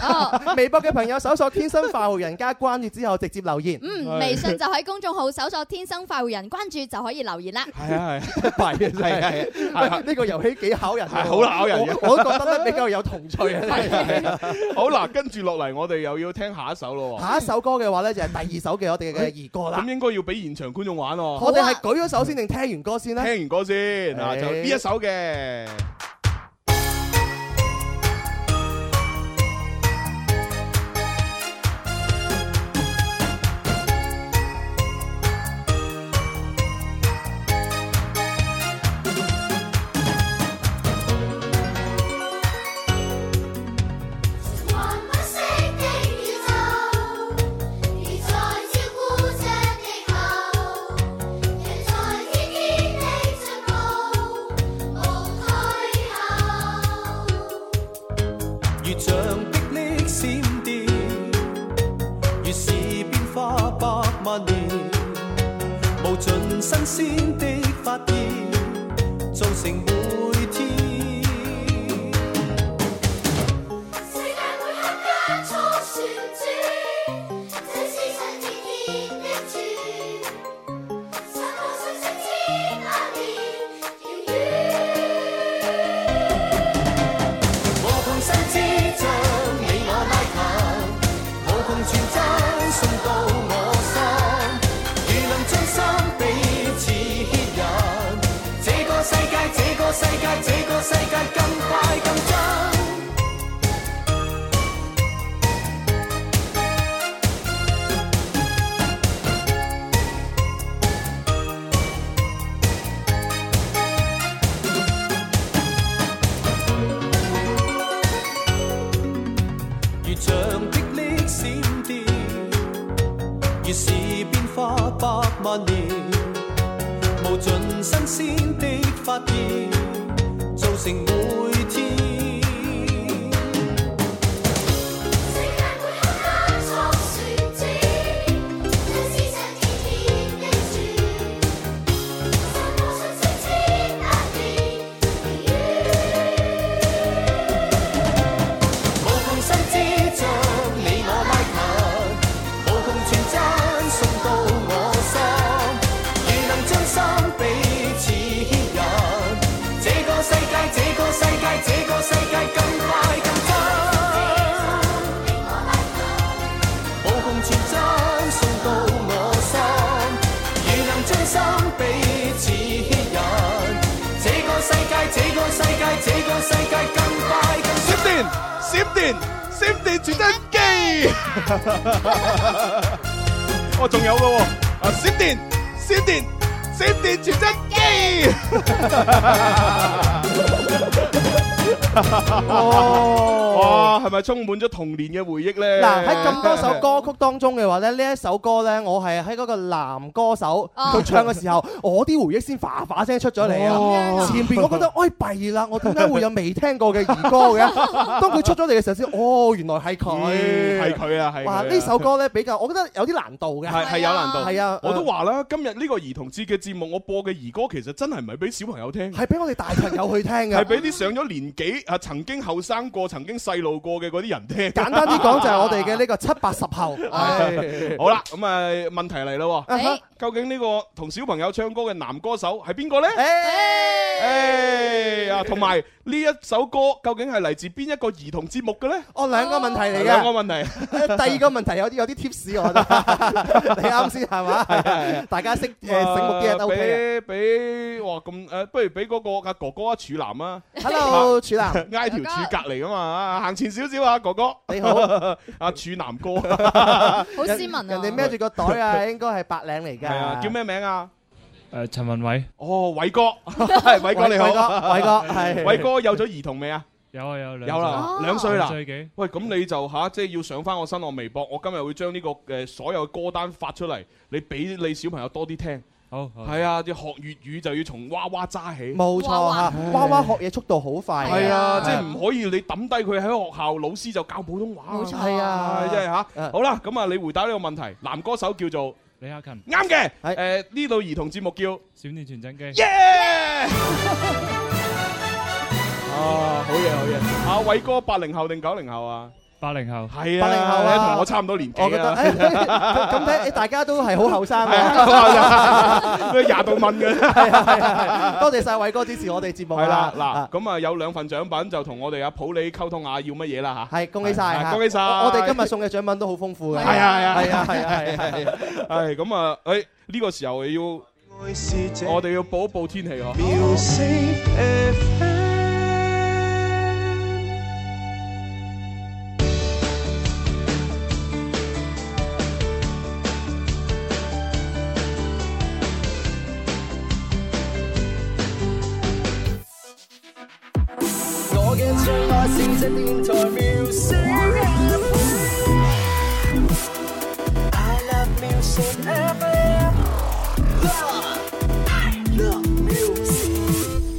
微博嘅朋友搜索天生快活人家，關注之後直接留言。嗯，微信就喺公眾號搜索天生快活人，關注就可以留言啦。係啊係，係係係，呢個遊戲幾考人，好考人，嘅。我覺得咧比較有童趣。係，好啦，跟住落嚟我。我哋又要聽下一首咯，下一首歌嘅話呢，就係、是、第二首嘅我哋嘅兒歌啦。咁、哎、應該要俾現場觀眾玩喎、啊。啊、我哋係舉咗手先定聽完歌先咧？聽完歌先，啊、哎、就呢一首嘅。閃電傳真機。哇係咪充滿咗童年嘅回憶呢？嗱，喺咁多首歌曲當中嘅話咧，呢一首歌呢，我係喺嗰個男歌手佢唱嘅時候，我啲回憶先嘩嘩聲出咗嚟啊！前邊我覺得哎弊啦，我點解會有未聽過嘅兒歌嘅？當佢出咗嚟嘅時候先，哦，原來係佢，係佢啊！係哇，呢首歌呢，比較，我覺得有啲難度嘅，係有難度，係啊，我都話啦，今日呢個兒童節嘅節目，我播嘅兒歌其實真係唔係俾小朋友聽，係俾我哋大朋友去聽嘅。係俾啲上咗年紀。係曾經後生過、曾經細路過嘅嗰啲人聽。簡單啲講就係我哋嘅呢個七八十後。係好啦，咁啊問題嚟啦。究竟呢個同小朋友唱歌嘅男歌手係邊個咧？誒啊！同埋呢一首歌究竟係嚟自邊一個兒童節目嘅咧？哦，兩個問題嚟嘅。兩個問題。第二個問題有啲有啲 tips 喎。你啱先係嘛？大家識誒醒目啲都 OK 啊俾俾哇咁誒，不如俾嗰個阿哥哥啊柱南啊。Hello，柱南。挨條柱隔籬噶嘛，行前少少啊。哥哥你好，阿柱南哥，好斯文啊，你孭住個袋啊，應該係白領嚟噶，叫咩名啊？誒陳文偉，哦偉哥，係偉哥你好，偉哥，偉哥係，偉哥有咗兒童未啊？有啊有兩有啦，兩歲啦，兩歲幾？喂，咁你就吓即係要上翻我新浪微博，我今日會將呢個誒所有歌單發出嚟，你俾你小朋友多啲聽。好係啊！要學粵語就要從娃娃揸起，冇錯啊！娃娃學嘢速度好快，係啊！即係唔可以你抌低佢喺學校，老師就教普通話，冇錯係啊！即係吓，好啦，咁啊，你回答呢個問題，男歌手叫做李克勤，啱嘅，誒呢度兒童節目叫《閃電傳真機》，耶！啊，好嘢好嘢！阿偉哥八零後定九零後啊？八零後係啊，八零後啊，同我差唔多年紀啊，咁咧，大家都係好後生啊，廿度蚊嘅，多謝晒偉哥支持我哋節目啦。嗱，咁啊有兩份獎品就同我哋阿普你溝通下要乜嘢啦吓。係，恭喜晒，恭喜晒，我哋今日送嘅獎品都好豐富嘅。係啊係啊係啊係啊係啊係，係咁啊，誒呢個時候要，我哋要報一報天氣喎。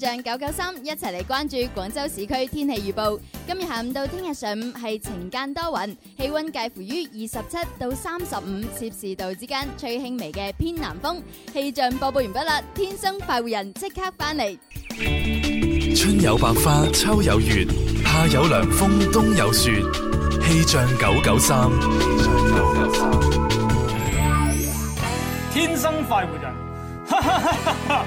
氣象九九三一齊嚟關注廣州市區天氣預報。今日下午到聽日上午係晴間多雲，氣溫介乎於二十七到三十五攝氏度之間，吹輕微嘅偏南風。氣象播報完畢啦，天生快活人即刻翻嚟。春有百花，秋有月，夏有涼風，冬有雪。氣象九九三，氣象九九三，天生快活人，哈哈哈哈。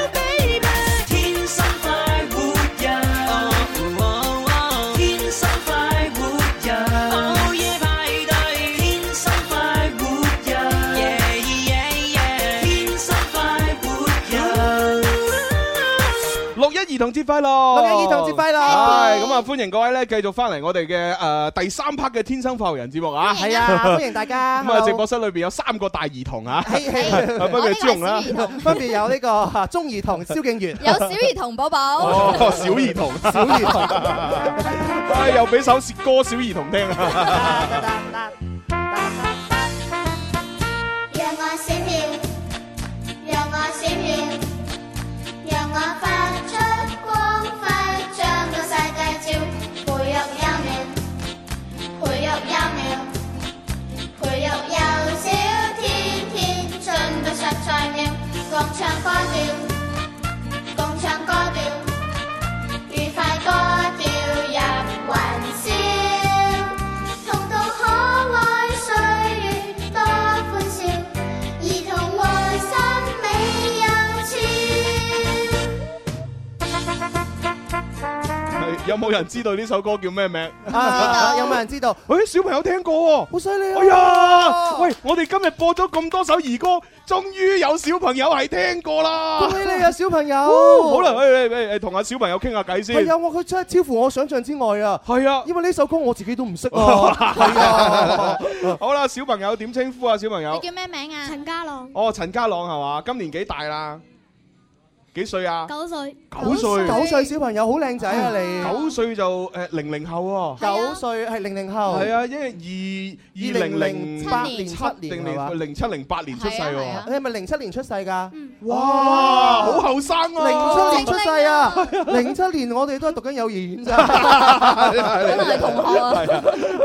兒童節快樂！咁啊，兒童節快樂！係咁啊，歡迎各位咧，繼續翻嚟我哋嘅誒第三 part 嘅天生快活人節目啊！係啊，歡迎大家。咁啊，直播室裏邊有三個大兒童啊！係，分別朱紅啦，分別有呢個中兒童、蕭敬元，有小兒童寶寶，哦，小兒童，小兒童，又俾首兒歌小兒童聽啊！噠噠噠，讓我閃了，讓我閃了，讓我發出。培育幼小天天進步實在妙，廣場花調。 有冇人知道呢首歌叫咩名？有冇人知道？誒，小朋友聽過喎，好犀利啊！哎呀，喂，我哋今日播咗咁多首兒歌，終於有小朋友係聽過啦！恭喜你啊，小朋友！好啦，誒誒誒，同阿小朋友傾下偈先。係啊，我佢真係超乎我想象之外啊！係啊，因為呢首歌我自己都唔識啊！係啊，好啦，小朋友點稱呼啊？小朋友，你叫咩名啊？陳家朗。哦，陳家朗係嘛？今年幾大啦？幾歲啊？九歲，九歲，九歲小朋友好靚仔啊！你九歲就誒零零後喎，九歲係零零後，係啊，因為二二零零七零七年啊，零七零八年出世喎，你係咪零七年出世噶？哇，好後生喎！零七年出世啊，零七年我哋都係讀緊幼兒園啫，真係同學啊！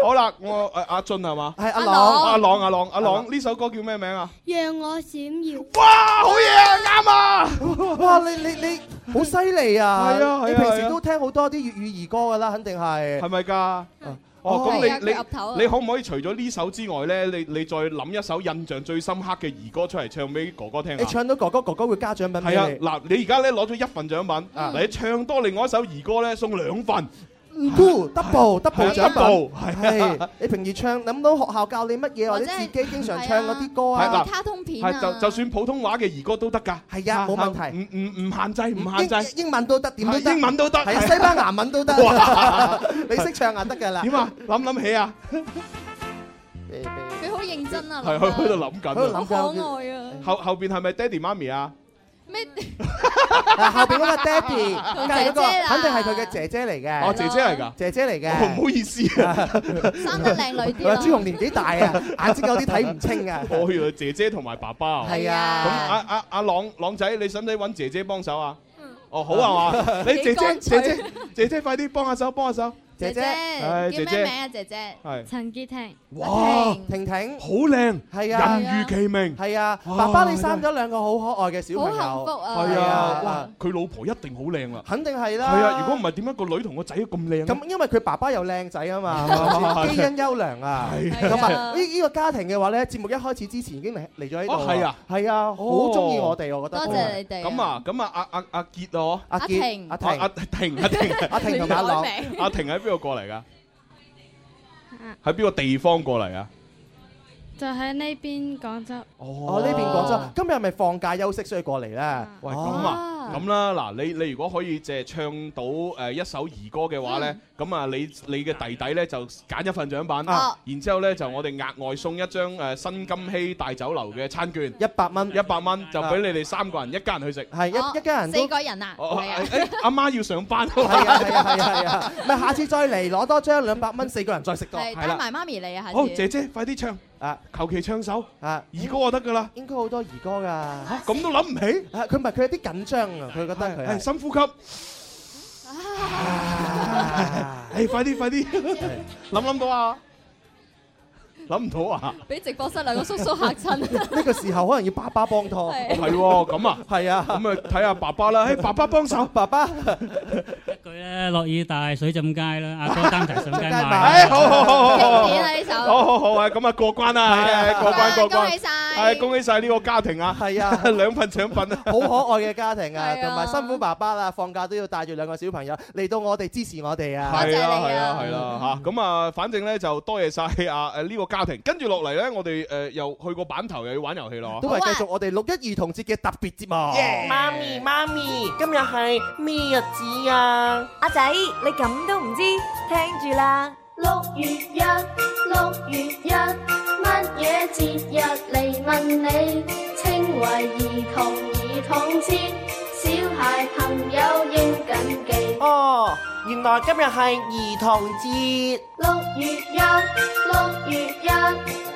好啦，我阿俊係嘛？係阿朗，阿朗，阿朗，阿朗，呢首歌叫咩名啊？讓我閃耀。哇，好嘢啊，啱啊！你你你好犀利啊！你平時都聽好多啲粵語兒歌噶啦，肯定係，係咪噶？係係啊、哦，咁、哦、你、啊、你你，你可唔可以除咗呢首之外咧，你你再諗一首印象最深刻嘅兒歌出嚟，唱俾哥哥聽啊？你唱到哥哥哥哥會加獎品俾你。係啊，嗱，你而家咧攞咗一份獎品，嗯，嚟，你唱多另外一首兒歌咧，送兩份。唔，都 double double 就 double，係啊！你平時唱諗到學校教你乜嘢，或者自己經常唱嗰啲歌啊，卡通片啊，係就就算普通話嘅兒歌都得㗎，係啊，冇問題，唔唔唔限制，唔限制，英文都得，點都得，英文都得，係西班牙文都得，你識唱啊，得㗎啦。點啊？諗諗起啊！佢好認真啊！係喺喺度諗緊啊！好可愛啊！後後邊係咪爹哋媽咪啊？咩？後邊嗰個爹哋隔籬嗰個，肯定係佢嘅姐姐嚟嘅。哦，姐姐嚟㗎，姐姐嚟嘅。唔好意思啊，生得靚女啲。朱紅年紀大啊，眼睛有啲睇唔清啊。哦，原來姐姐同埋爸爸。係啊。咁阿阿阿朗朗仔，你使唔使揾姐姐幫手啊？嗯。哦，好啊嘛。你姐姐姐姐姐姐，快啲幫下手，幫下手。姐姐，叫咩名啊？姐姐，陳潔婷。哇，婷婷好靚，係啊，人如其名，係啊。爸爸你生咗兩個好可愛嘅小朋友，幸福啊，係啊，佢老婆一定好靚啦，肯定係啦。係啊，如果唔係點解個女同個仔都咁靚咧？咁因為佢爸爸又靚仔啊嘛，基因優良啊。係咁啊，呢呢個家庭嘅話咧，節目一開始之前已經嚟嚟咗喺度啦。係啊，係啊，好中意我哋，我覺得。多謝你哋。咁啊，咁啊，阿阿阿傑啊，嗬。阿婷。阿婷。阿婷。阿婷。阿婷同阿柳。阿婷喺。邊個過嚟噶？喺邊、啊、個地方過嚟噶？就喺呢邊廣州。哦，呢邊廣州，哇今日係咪放假休息，所以過嚟咧？啊、喂，咁啊。啊咁啦，嗱，你你如果可以淨係唱到誒一首兒歌嘅話咧，咁啊，你你嘅弟弟咧就揀一份獎品，然之後咧就我哋額外送一張誒新金禧大酒樓嘅餐券，一百蚊，一百蚊就俾你哋三個人一家人去食，係一一家人都四個人啊，係啊，阿媽要上班，係啊係啊係啊，咪下次再嚟攞多張兩百蚊四個人再食多，帶埋媽咪嚟啊，好，姐姐快啲唱。啊，求其唱首啊，兒歌就得噶啦。應該好多兒歌噶，嚇咁、啊、都諗唔起。啊，佢唔係佢有啲緊張啊，佢覺得佢係深呼吸。哎，快啲快啲，諗諗 是 到啊！諗唔到啊！俾直播室兩個叔叔嚇親，呢個時候可能要爸爸幫拖，係喎咁啊，係啊，咁啊睇下爸爸啦，誒爸爸幫手，爸爸一句咧落雨大水浸街啦，阿哥擔柴上街賣，誒好好好好好，經典啦呢首，好好好啊咁啊過關啦，過關過關，恭喜曬，恭喜曬呢個家庭啊，係啊兩份獎品啊，好可愛嘅家庭啊，同埋辛苦爸爸啦，放假都要帶住兩個小朋友嚟到我哋支持我哋啊，多謝你啊，係啦嚇，咁啊反正咧就多謝曬啊，誒呢個家。家庭跟住落嚟呢，我哋誒、呃、又去個板頭，又要玩遊戲咯，都係繼續我哋六一兒童節嘅特別節目。Yeah. 媽咪，媽咪，今日係咩日子啊？阿仔，你咁都唔知？聽住啦，六月一，六月一，乜嘢節日嚟問你？稱為兒童兒童節。小孩朋友應緊記。哦，原來今日係兒童節。六月一，六月一，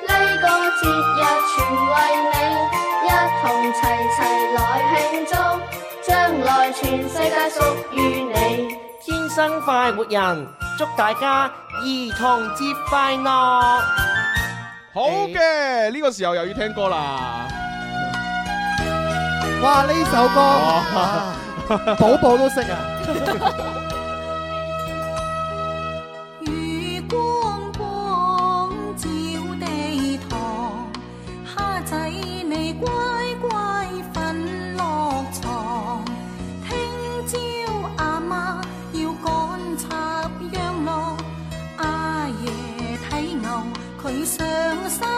呢個節日全為你，一同齊齊來慶祝，將來全世界屬於你。天生快活人，祝大家兒童節快樂。哎、好嘅，呢個時候又要聽歌啦。哇！呢首歌，寶寶都識啊！月光光照地堂，蝦仔你乖乖瞓落床。聽朝阿阿媽要趕插秧咯，阿爺睇牛佢上山。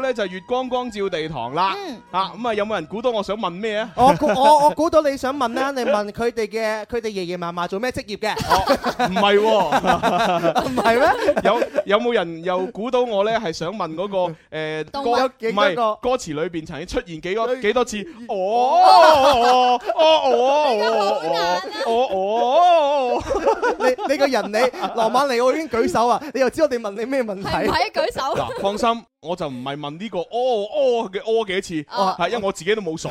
咧就係月光光照地堂啦，啊咁啊，有冇人估到我想問咩啊？我我我估到你想問咧，你問佢哋嘅佢哋爺爺嫲嫲做咩職業嘅？唔係，唔係咩？有有冇人又估到我咧？係想問嗰個誒歌唔係歌詞裏邊曾經出現幾多幾多次？哦哦哦哦哦哦哦你你個人你羅曼尼，我已經舉手啊！你又知我哋問你咩問題？係啊，舉手。放心。我就唔係問呢個哦哦嘅哦幾多次，係因為我自己都冇數。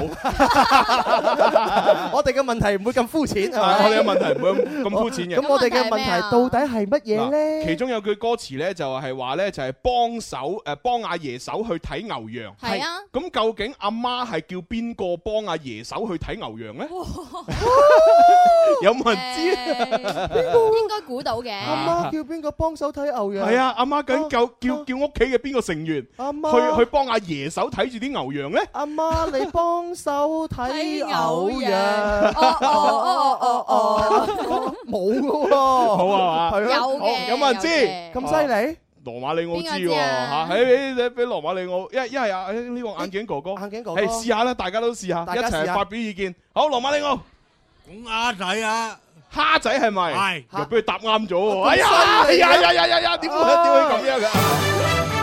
我哋嘅問題唔會咁膚淺。我哋嘅問題唔會咁膚淺嘅。咁我哋嘅問題到底係乜嘢咧？其中有句歌詞咧，就係話咧，就係幫手誒，幫阿爺手去睇牛羊。係啊。咁究竟阿媽係叫邊個幫阿爺手去睇牛羊咧？有冇人知？應該估到嘅。阿媽叫邊個幫手睇牛羊？係啊，阿媽究竟叫叫叫屋企嘅邊個成員？阿媽去去幫阿爺手睇住啲牛羊咧？阿媽你幫手睇牛羊？哦哦哦哦哦，冇咯，好啊，係啦，有嘅，有冇人知？咁犀利？羅馬里奧邊個知啊？吓，俾俾羅馬里奧，一一係啊呢個眼鏡哥哥，眼鏡哥哥，係試下啦，大家都試下，一齊發表意見。好，羅馬里奧，公仔啊，蝦仔係咪？係，又俾佢答啱咗。哎呀哎呀呀呀呀，點會點會咁樣噶？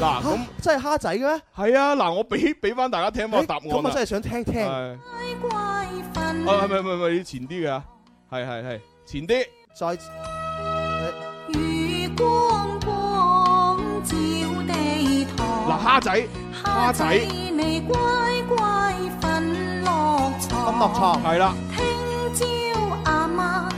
嗱咁真係蝦仔嘅咩？係啊！嗱，我俾俾翻大家聽翻答案。咁、欸、我真係想聽聽。是啊，唔係唔係唔係，前啲嘅，係係係前啲，再。月光光照地堂。嗱，蝦仔，蝦仔。蝦仔你乖乖瞓落牀。瞓落牀床，係啦。聽朝阿媽。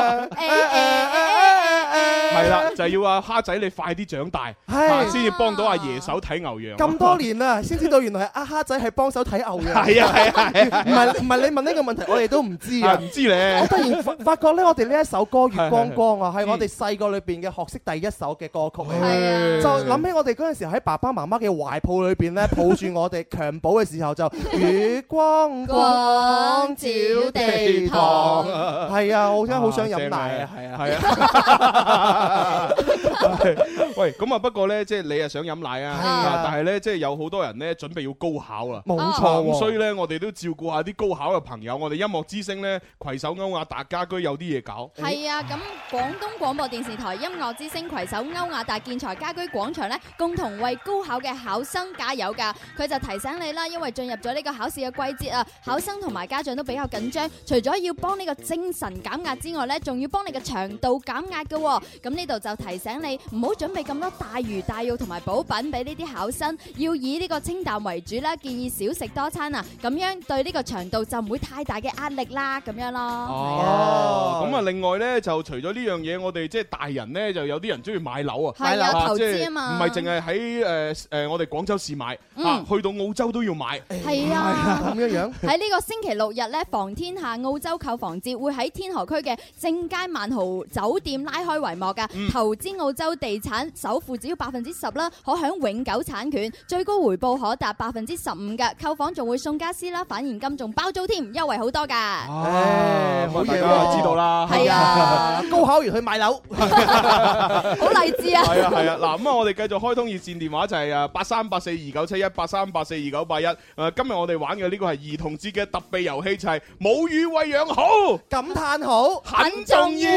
就係要阿蝦仔你快啲長大，先至幫到阿爺手睇牛羊。咁多年啦，先知道原來係阿蝦仔係幫手睇牛羊。係啊係啊，唔係唔係，你問呢個問題，我哋都唔知啊，唔知咧。我突然發覺咧，我哋呢一首歌《月光光》啊，係我哋細個裏邊嘅學識第一首嘅歌曲。就諗起我哋嗰陣時喺爸爸媽媽嘅懷抱裏邊咧，抱住我哋襁褓嘅時候就月光光照地堂。係啊，我真係好想飲奶啊！係啊係啊。 喂，咁啊，不過呢，即係你啊想飲奶啊，Yeah. 但係呢，即係有好多人呢，準備要高考錯啊，冇錯。所以呢，我哋都照顧下啲高考嘅朋友，我哋音樂之聲呢，攜手歐亞達家居有啲嘢搞。係、欸、啊，咁廣東廣播電視台音樂之聲攜手歐亞達建材家居廣場呢，共同為高考嘅考生加油噶。佢就提醒你啦，因為進入咗呢個考試嘅季節啊，考生同埋家長都比較緊張，除咗要幫呢個精神減壓之外呢，仲要幫你嘅腸道減壓噶。咁呢度就。就提醒你唔好準備咁多大魚大肉同埋補品俾呢啲考生，要以呢個清淡為主啦。建議少食多餐啊，咁樣對呢個腸道就唔會太大嘅壓力啦。咁樣咯。哦，咁啊、哦嗯，另外咧就除咗呢樣嘢，我哋即係大人咧，就有啲人中意買樓啊，係啊，投資啊嘛，唔係淨係喺誒誒，我哋廣州市買、啊嗯、去到澳洲都要買。係、嗯、啊，咁樣、嗯啊啊、樣。喺呢個星期六日咧，房天下澳洲購房節會喺天河區嘅正佳萬豪酒店拉開帷幕噶。投資澳洲地產首付只要百分之十啦，可享永久產權，最高回報可達百分之十五嘅，購房仲會送家私啦，返現金仲包租添，優惠好多噶。唉，好嘢啦，知道啦。係 啊，高考完去買樓，好勵 志啊。係啊係啊，嗱，咁啊，啊我哋繼續開通熱線電話就係啊八三八四二九七一八三八四二九八一。誒，今日我哋玩嘅呢個係兒童節嘅特備遊戲，就係母乳餵養好，感嘆好， 很重要。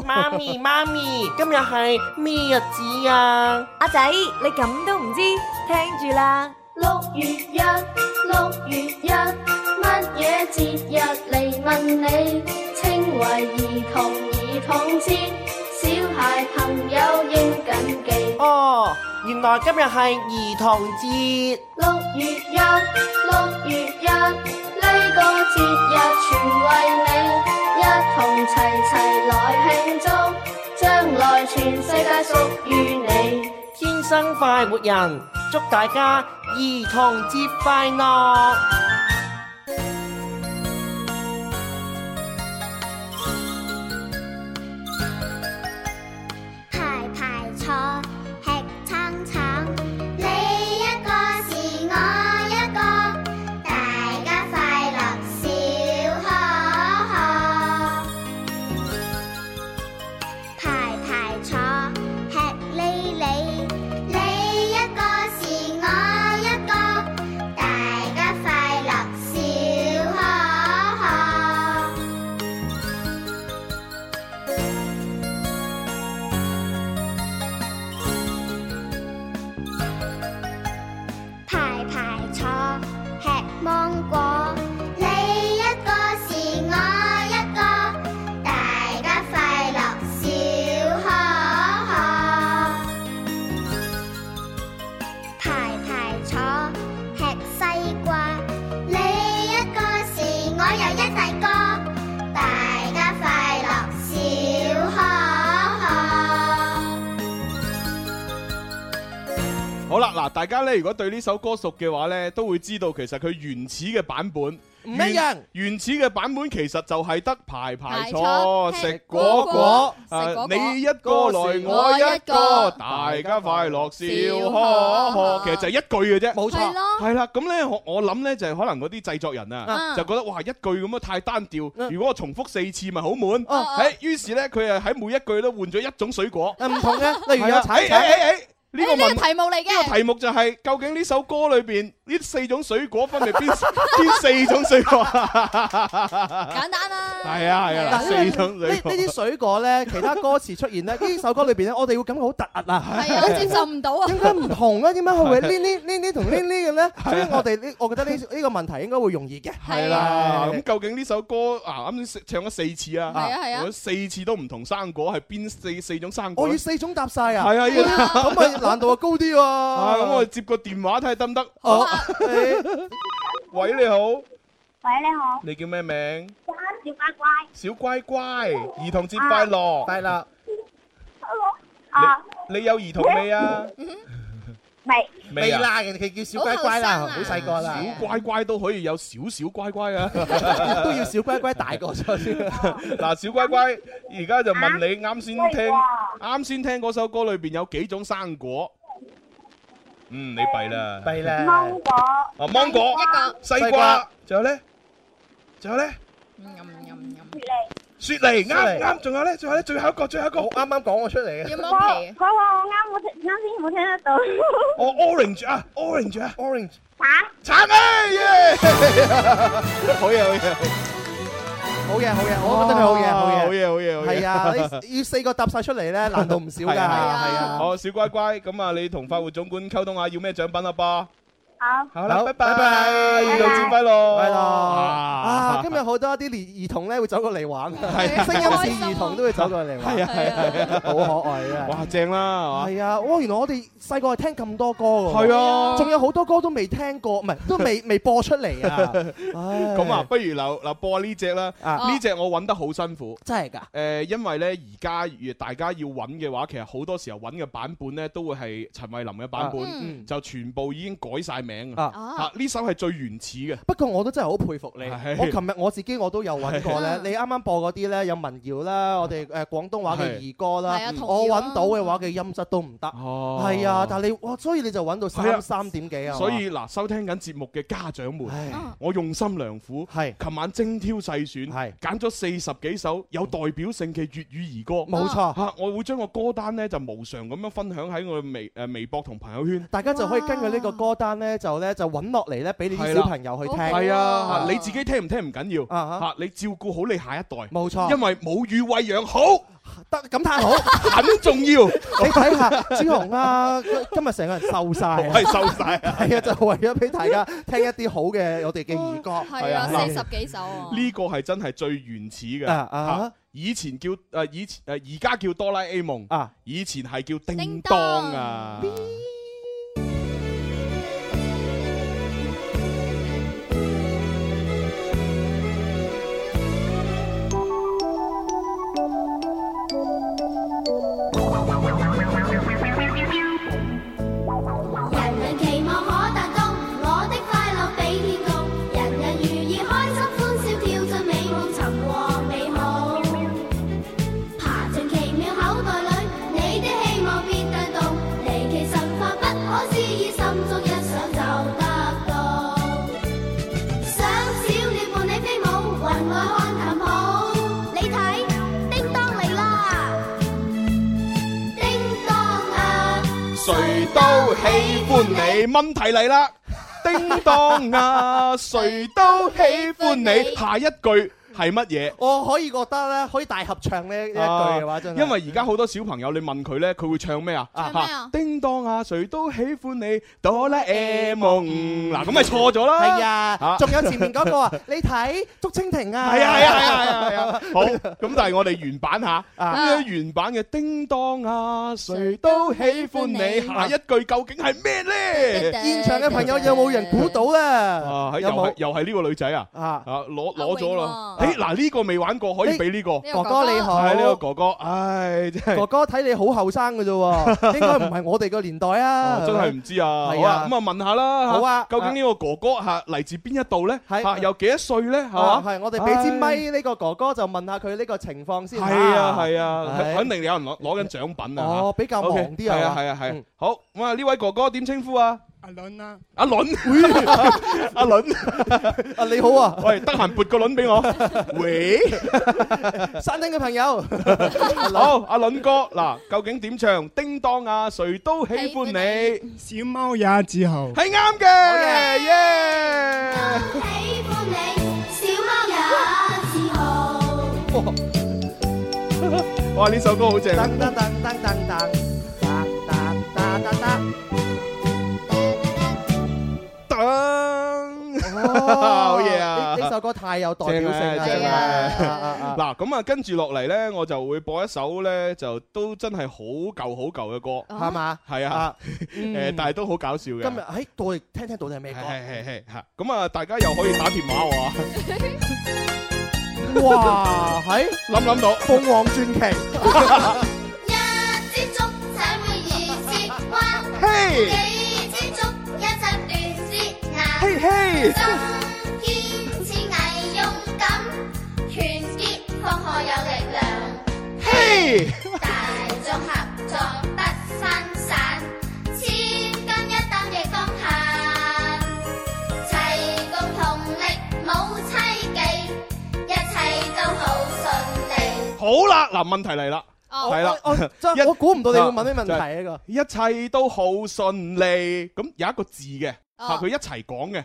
媽咪，媽咪。 今日係咩日子呀，啊？阿、啊、仔，你咁都唔知，聽住啦。六月一，六月一，乜嘢節日嚟問你？稱為兒童兒童節，小孩朋友應緊記。哦，原來今日係兒童節。六月一，六月一，呢個節日全為你，一同齊齊來慶祝。將來全世界屬於你，天生快活人，祝大家兒童節快樂！大家咧，如果對呢首歌熟嘅話咧，都會知道其實佢原始嘅版本，原始嘅版本其實就係得排排坐，食果果，你一個來我一個，大家快樂笑呵呵，其實就係一句嘅啫，冇錯。係啦，咁咧我我諗咧就係可能嗰啲製作人啊，就覺得哇一句咁樣太單調，如果我重複四次咪好悶。誒，於是咧佢誒喺每一句都換咗一種水果，唔同嘅，例如有橙、橙、橙、橙。呢個問題目嚟嘅，呢個題目就係究竟呢首歌裏邊呢四種水果分別邊邊四種水果？簡單啦，係啊係啊，四種呢啲水果咧，其他歌詞出現咧，呢首歌裏邊咧，我哋會感覺好突兀啊！係啊，接受唔到啊！點解唔同啊？點解會呢呢呢呢同呢呢嘅咧？所以我哋呢，我覺得呢呢個問題應該會容易嘅。係啦，咁究竟呢首歌啊？啱先唱咗四次啊，係啊係啊，四次都唔同生果係邊四四種生果？我要四種搭晒啊！係啊，咁啊。難度高啊高啲喎，咁、啊啊、我哋接個電話睇下得唔得？好、啊，嗯、喂，你好，喂，你好，你叫咩名？小乖乖。小乖乖，兒童節快樂！係啦、啊。Hello。啊。你有兒童未啊？ 嗯未未啦，人哋叫小乖乖啦，好細個啦，小乖乖都可以有少少乖乖啊，都要小乖乖大個咗先。嗱，小乖乖，而家就問你，啱先聽，啱先聽嗰首歌裏邊有幾種生果？嗯，你弊啦，弊啦，芒果，啊芒果，西瓜，仲有咧？仲有咧？雪梨，啱啱，仲有咧，仲有咧，最後一個，最後一個，啱啱講我出嚟嘅。我我我啱，我啱先冇聽得到。哦，Orange 啊，Orange，Orange。啊？橙橙。好嘢，好嘢，好嘢，好嘢，我覺得係好嘢，好嘢，好嘢，好嘢。係啊，要四個答晒出嚟咧，難度唔少噶。係啊，係啊。好，小乖乖，咁啊，你同快活總管溝通下，要咩獎品啦，噃？好，啦，拜拜，兒童節快樂，係啊，今日好多啲連兒童咧會走過嚟玩，係聲音是兒童都會走過嚟玩，係啊，係啊，好可愛啊，哇，正啦，係啊，我原來我哋細個係聽咁多歌噶，係啊，仲有好多歌都未聽過，唔係，都未未播出嚟啊，咁啊，不如留嗱播呢隻啦，呢隻我揾得好辛苦，真係噶，誒，因為咧而家大家要揾嘅話，其實好多時候揾嘅版本咧都會係陳慧琳嘅版本，就全部已經改晒。名啊！呢首係最原始嘅。不過我都真係好佩服你。我琴日我自己我都有揾過咧。你啱啱播嗰啲呢，有民謠啦，我哋誒廣東話嘅兒歌啦。我揾到嘅話嘅音質都唔得。哦。係啊，但係你哇，所以你就揾到三三點幾啊。所以嗱，收聽緊節目嘅家長們，我用心良苦，係琴晚精挑細選，係揀咗四十幾首有代表性嘅粵語兒歌。冇錯。嚇，我會將個歌單呢就無償咁樣分享喺我微誒微博同朋友圈，大家就可以根據呢個歌單呢。就咧就揾落嚟咧，俾你啲小朋友去聽。係啊，你自己聽唔聽唔緊要。吓，你照顧好你下一代，冇錯。因為母語餵養好得咁太好，很重要。你睇下朱紅啊，今日成個人瘦曬，係瘦曬。係啊，就為咗俾大家聽一啲好嘅，我哋嘅兒歌係啊，四十幾首。呢個係真係最原始嘅啊！以前叫誒，以前誒，而家叫哆啦 A 夢啊，以前係叫叮當啊。問題嚟啦！叮當啊，誰都喜歡你，下一句。係乜嘢？我可以覺得咧，可以大合唱呢一句嘅話，真係。因為而家好多小朋友，你問佢咧，佢會唱咩啊？唱咩啊？叮當啊，誰都喜歡你，哆啦 A 夢。嗱，咁咪錯咗啦。係啊，仲有前面嗰個啊，你睇竹蜻蜓啊。係啊係啊係啊係啊。好，咁但係我哋原版吓，咁樣原版嘅叮當啊，誰都喜歡你，下一句究竟係咩咧？現場嘅朋友有冇人估到咧？又係又係呢個女仔啊？啊啊，攞攞咗咯。嗱呢個未玩過，可以俾呢個哥哥你睇，呢個哥哥，唉，哥哥睇你好後生㗎咋，應該唔係我哋個年代啊，真係唔知啊，咁啊問下啦，好啊，究竟呢個哥哥係嚟自邊一度咧？嚇，有幾多歲咧？嚇，係我哋俾支咪呢個哥哥，就問下佢呢個情況先。係啊係啊，肯定有人攞攞緊獎品啊。哦，比較忙啲啊。係啊係啊係啊。好，咁啊呢位哥哥點稱呼啊？阿倫啊！阿倫，阿倫，阿你好啊！喂，得閒撥個輪俾我。喂，山頂嘅朋友，好，阿倫哥，嗱，究竟點唱《叮噹》啊？誰都喜歡你，小貓也自豪，係啱嘅。好嘅，耶！喜歡你，小貓也自豪！哇，呢首歌好正啊！好嘢啊！呢首歌太有代表性嘅啫。嗱，咁啊，跟住落嚟咧，我就會播一首咧，就都真係好舊好舊嘅歌，係嘛，係啊，誒，但係都好搞笑嘅。今日喺度聽聽到係咩歌？係係係，咁啊，大家又可以打電話喎。哇，係諗諗到《鳳凰傳奇》。一枝竹仔會易折彎，幾枝竹一紮斷折難。方可有力量，嘿！ 大眾合作得分散，千斤一擔亦當談，齊共同力冇猜忌，一切都好順利。好啦，嗱問題嚟啦，係啦、oh, 對了，我估唔到你會問咩問題啊個，一切都好順利。咁有一個字嘅，佢一齊講嘅。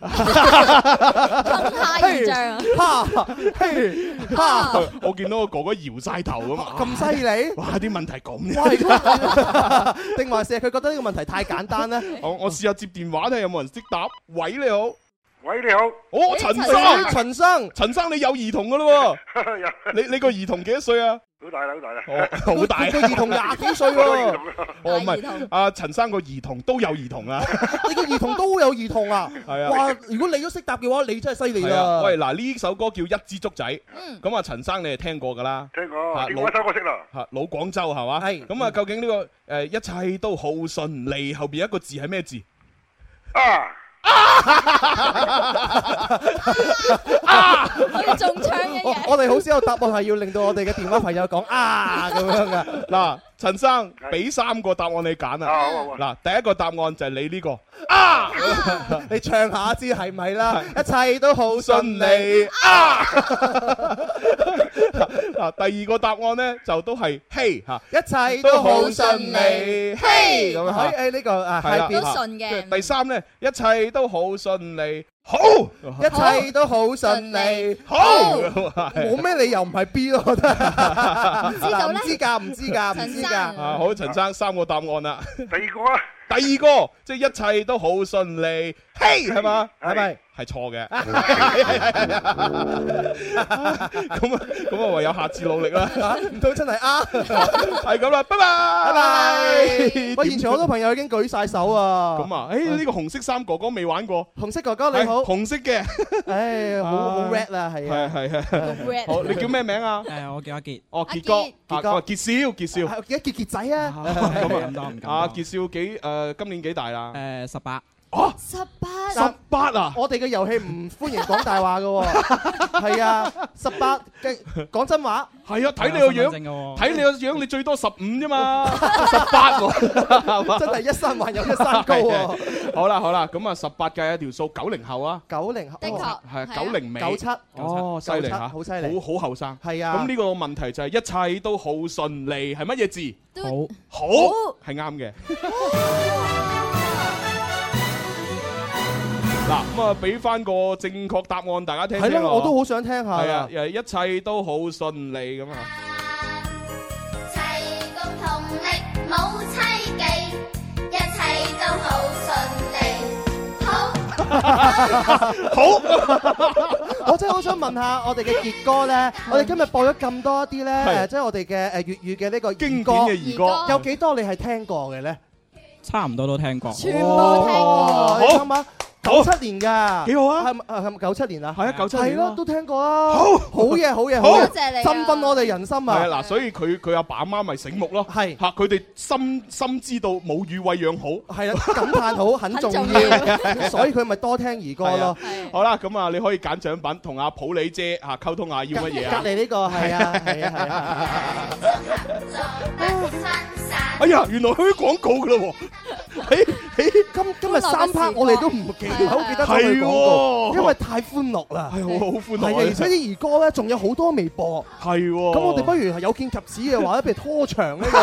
太 形象，哈，哈，我見到個哥哥搖晒頭噶嘛，咁犀利，哇，啲問題咁樣，定 還是佢覺得呢個問題太簡單咧？ 我我試下接電話睇下有冇人識答，喂，你好。喂，你好，哦，陳生，陳生，陳生，你有兒童噶咯？有，你你個兒童幾多歲啊？好大啦，好大啦，哦，好大，個兒童廿幾歲喎。哦，唔係，阿陳生個兒童都有兒童啊，你個兒童都有兒童啊。係啊，哇，如果你都識答嘅話，你真係犀利啦。喂，嗱，呢首歌叫《一支竹仔》，咁啊，陳生你係聽過噶啦，聽過，點解首歌識啦？吓，老廣州係嘛？咁啊，究竟呢個誒，一切都好順利，後邊一個字係咩字啊？ 啊！去中槍嘅嘢，我哋好少有答案係要令到我哋嘅電話朋友講啊咁樣嘅。嗱，陳生，俾三個答案你揀啊。嗱，第一個答案就係你呢、這個啊，啊 你唱一下支係咪啦？一切都好順利，順利啊！ 啊，第二個答案咧就都係嘿嚇，一切都好順利嘿咁樣嚇，誒呢個啊係啦，都順嘅。第三咧，一切都好順利，好一切都好順利，好冇咩理由唔係 B 咯，覺得唔知咁咧？知㗎，唔知㗎，唔知㗎。啊，好，陳生三個答案啦。第二個啊，第二個即係一切都好順利。係嘛，係咪係錯嘅？咁啊，咁啊，唯有下次努力啦。都真係啱，係咁啦，拜拜拜拜。我現場好多朋友已經舉晒手啊。咁啊，誒，呢個紅色衫哥哥未玩過，紅色哥哥你好，紅色嘅，哎，好好 red 啦，係啊，係啊，係啊，好。你叫咩名啊？誒，我叫阿杰，哦，杰哥，杰哥，杰少，杰少，幾阿杰、杰仔啊？咁啊，唔該，唔該。阿杰少幾誒？今年幾大啦？誒，十八。啊！十八十八啊！我哋嘅遊戲唔歡迎講大話㗎，係啊！十八嘅講真話，係啊！睇你個樣，睇你個樣，你最多十五啫嘛，十八真係一山還有一山高啊！好啦好啦，咁啊十八計一條數，九零後啊，九零後係九零尾九七，九七，九七，好犀利，好好後生，係啊！咁呢個問題就係一切都好順利，係乜嘢字？好，好，係啱嘅。嗱咁啊，俾翻個正確答案大家聽聽咯。係咯，我都好想聽下。係啊，誒，一切都好順利咁啊！齊共同力，冇猜忌，一切都好順利，好，好，好！我真係好想問下我哋嘅傑哥咧，我哋今日播咗咁多一啲咧，誒，即係我哋嘅誒粵語嘅呢個經典嘅兒歌，有幾多你係聽過嘅咧？差唔多都聽過，全部聽過，你諗下。九七年噶，幾好啊！係咪係咪九七年啊？係啊，九七年。係咯，都聽過啊。好，好嘢，好嘢，好多謝你，振奮我哋人心啊！係啊，嗱，所以佢佢阿爸阿媽咪醒目咯，係吓，佢哋深深知道母乳餵養好，係啊，感嘆好很重要，所以佢咪多聽兒歌咯。好啦，咁啊，你可以揀獎品同阿普里姐吓溝通下要乜嘢啊？隔籬呢個係啊，係啊，哎呀，原來去廣告噶啦喎！誒誒，今今日三 part 我哋都唔記。好記得佢講因為太歡樂啦，係喎，好歡樂。係啊，而且啲兒歌咧，仲有好多未播，係喎。咁我哋不如有見及此嘅話，不如拖場呢個。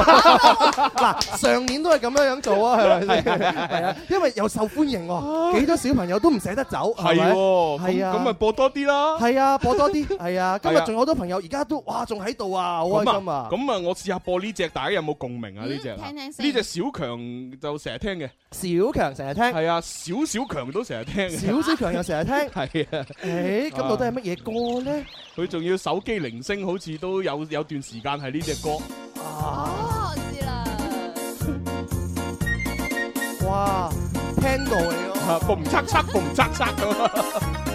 嗱，上年都係咁樣樣做啊，係咪先？係啊，因為又受歡迎喎，幾多小朋友都唔捨得走，係喎。係啊，咁咪播多啲啦。係啊，播多啲。係啊，今日仲有好多朋友，而家都哇仲喺度啊，好開心啊！咁啊，我試下播呢隻，大家有冇共鳴啊？呢隻，呢隻小強就成日聽嘅。小強成日聽。係啊，小小強都。成日聽，小志強又成日聽，係啊！誒，咁到底係乜嘢歌咧？佢仲要手機鈴聲，好似都有有段時間係呢隻歌。啊，知啦！哇，聽到你咯，嘣嚓嚓，嘣嚓嚓。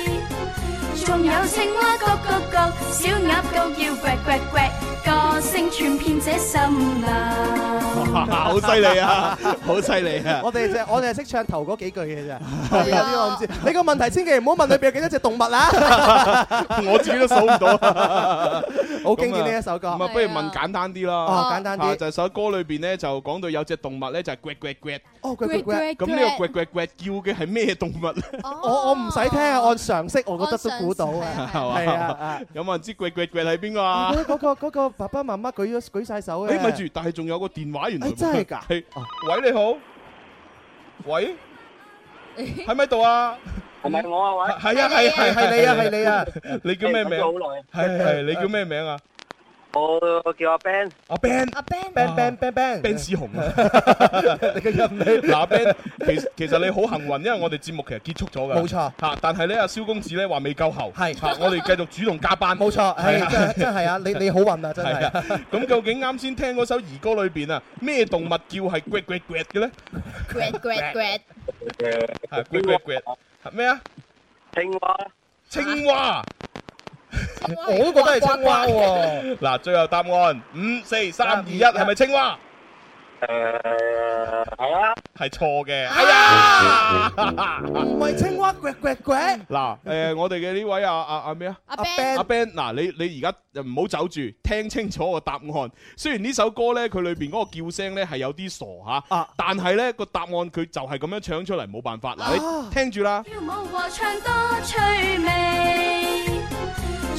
仲有青蛙高高高，小鴨都叫呱呱呱，歌聲傳遍這森林。哇，好犀利啊，好犀利啊！我哋只我哋係識唱頭嗰幾句嘅咋？呢個唔知。你個問題千祈唔好問裏邊有幾多隻動物啦。我自己都數唔到。好經典呢一首歌。咁啊，不如問簡單啲啦。哦，簡單啲。就係首歌裏邊咧，就講到有隻動物咧，就係呱呱呱。哦，呱呱呱。咁呢個呱呱呱叫嘅係咩動物咧？我我唔使聽啊，按常識我覺得都估。估到啊，係啊，有冇人知鬼鬼鬼係邊個啊？嗰個嗰個爸爸媽媽舉咗舉晒手啊。哎，咪住，但係仲有個電話，原來真係㗎。喂，你好，喂，喺咪度啊？係咪我啊？喂，係啊，係係係你啊，係你啊。你叫咩名？係係你叫咩名啊？我叫阿 Ben，阿 Ben，阿 Ben，Ben Ben Ben Ben，Ben 志雄，你嘅音，嗱 Ben，其實其實你好幸運，因為我哋節目其實結束咗㗎，冇錯，吓，但係咧阿蕭公子咧話未夠喉，係，吓，我哋繼續主動加班，冇錯，係真真係啊，你你好運啊，真係，咁究竟啱先聽嗰首兒歌裏邊啊，咩動物叫係 great great great 嘅咧？great great great，係 great great，係咩啊？青蛙，青蛙。 我都覺得係青蛙喎。嗱，最後答案，五四三二一，係咪青蛙？誒， 係啊，係錯嘅。係啊，唔係青蛙，呱呱呱。嗱，誒，我哋嘅呢位阿阿阿咩啊？阿、啊、A Ben，阿 Ben。嗱，你你而家唔好走住，聽清楚個答案。雖然呢首歌咧，佢裏邊嗰個叫聲咧係有啲傻吓，但係咧個答案佢就係咁樣唱出嚟，冇辦法。嗱，你聽住啦。啊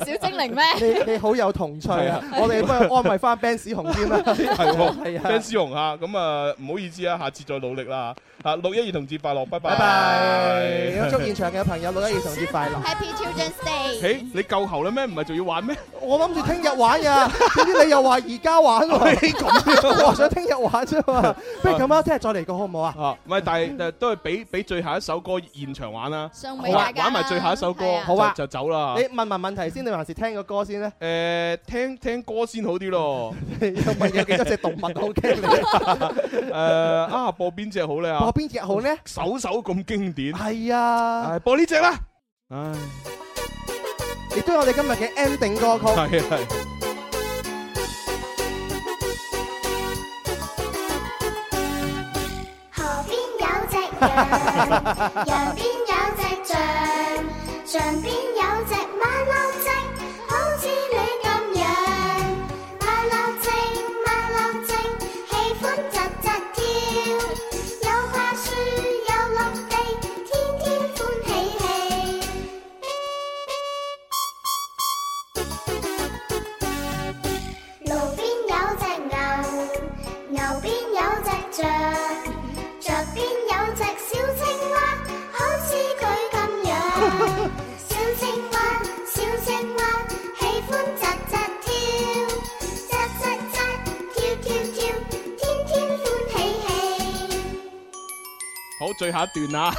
小精靈咩？ 你你好有童趣啊！我、啊、哋、啊、不如安慰翻 Ben 絲紅先啦。係喎，係啊，Ben 絲紅吓，咁啊唔好意思啊，下次再努力啦。啊！六一兒童節快樂，拜拜！拜拜！祝現場嘅朋友，六一兒童節快樂！Happy Children's Day！誒，你夠喉啦咩？唔係仲要玩咩？我諗住聽日玩呀，點知你又話而家玩？你咁，我想聽日玩啫嘛，不如咁啦，聽日再嚟個好唔好啊？唔係，但係都係俾俾最後一首歌現場玩啦，好啊！玩埋最後一首歌，好啊，就走啦。你問埋問題先，你還是聽個歌先咧？誒，聽聽歌先好啲咯。有乜有幾多隻動物好聽？誒，啊，播邊隻好咧啊？播邊隻好呢？首首咁經典，係啊，播呢隻啦，唉，亦都係我哋今日嘅 ending 歌曲。係係。河邊有隻羊，羊邊有隻象，象邊有。最後一段啦。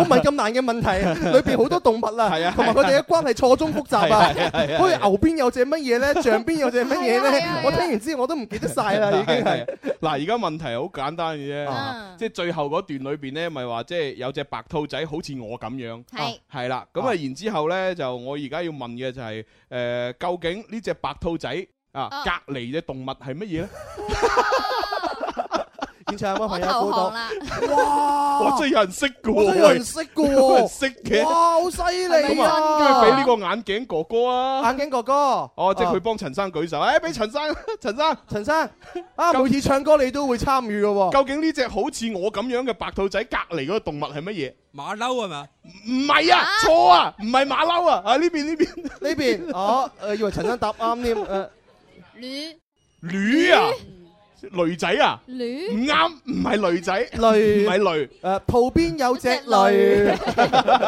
我問咁難嘅問題，裏邊好多動物啦，同埋佢哋嘅關係錯綜複雜啊！好似牛邊有隻乜嘢咧，象邊有隻乜嘢咧？我聽完之後我都唔記得晒啦，已經係。嗱，而家問題好簡單嘅啫，即係最後嗰段裏邊咧，咪話即係有隻白兔仔好似我咁樣，係係啦。咁啊，然之後咧就我而家要問嘅就係，誒，究竟呢隻白兔仔啊隔籬嘅動物係乜嘢咧？演唱《朋友孤獨》哇！我真係有人識嘅喎，有人識嘅喎，有人識嘅哇！好犀利啊！咁啊，俾呢個眼鏡哥哥啊，眼鏡哥哥哦，即係佢幫陳生舉手，誒俾陳生，陳生，陳生啊！每次唱歌你都會參與嘅喎。究竟呢隻好似我咁樣嘅白兔仔隔離嗰個動物係乜嘢？馬騮係嘛？唔係啊，錯啊，唔係馬騮啊！啊呢邊，呢邊，呢邊哦，以為陳生答啱添誒？驢，驢啊！驢仔啊，唔啱，唔係驢仔，驢唔係驢，誒，旁邊有隻驢，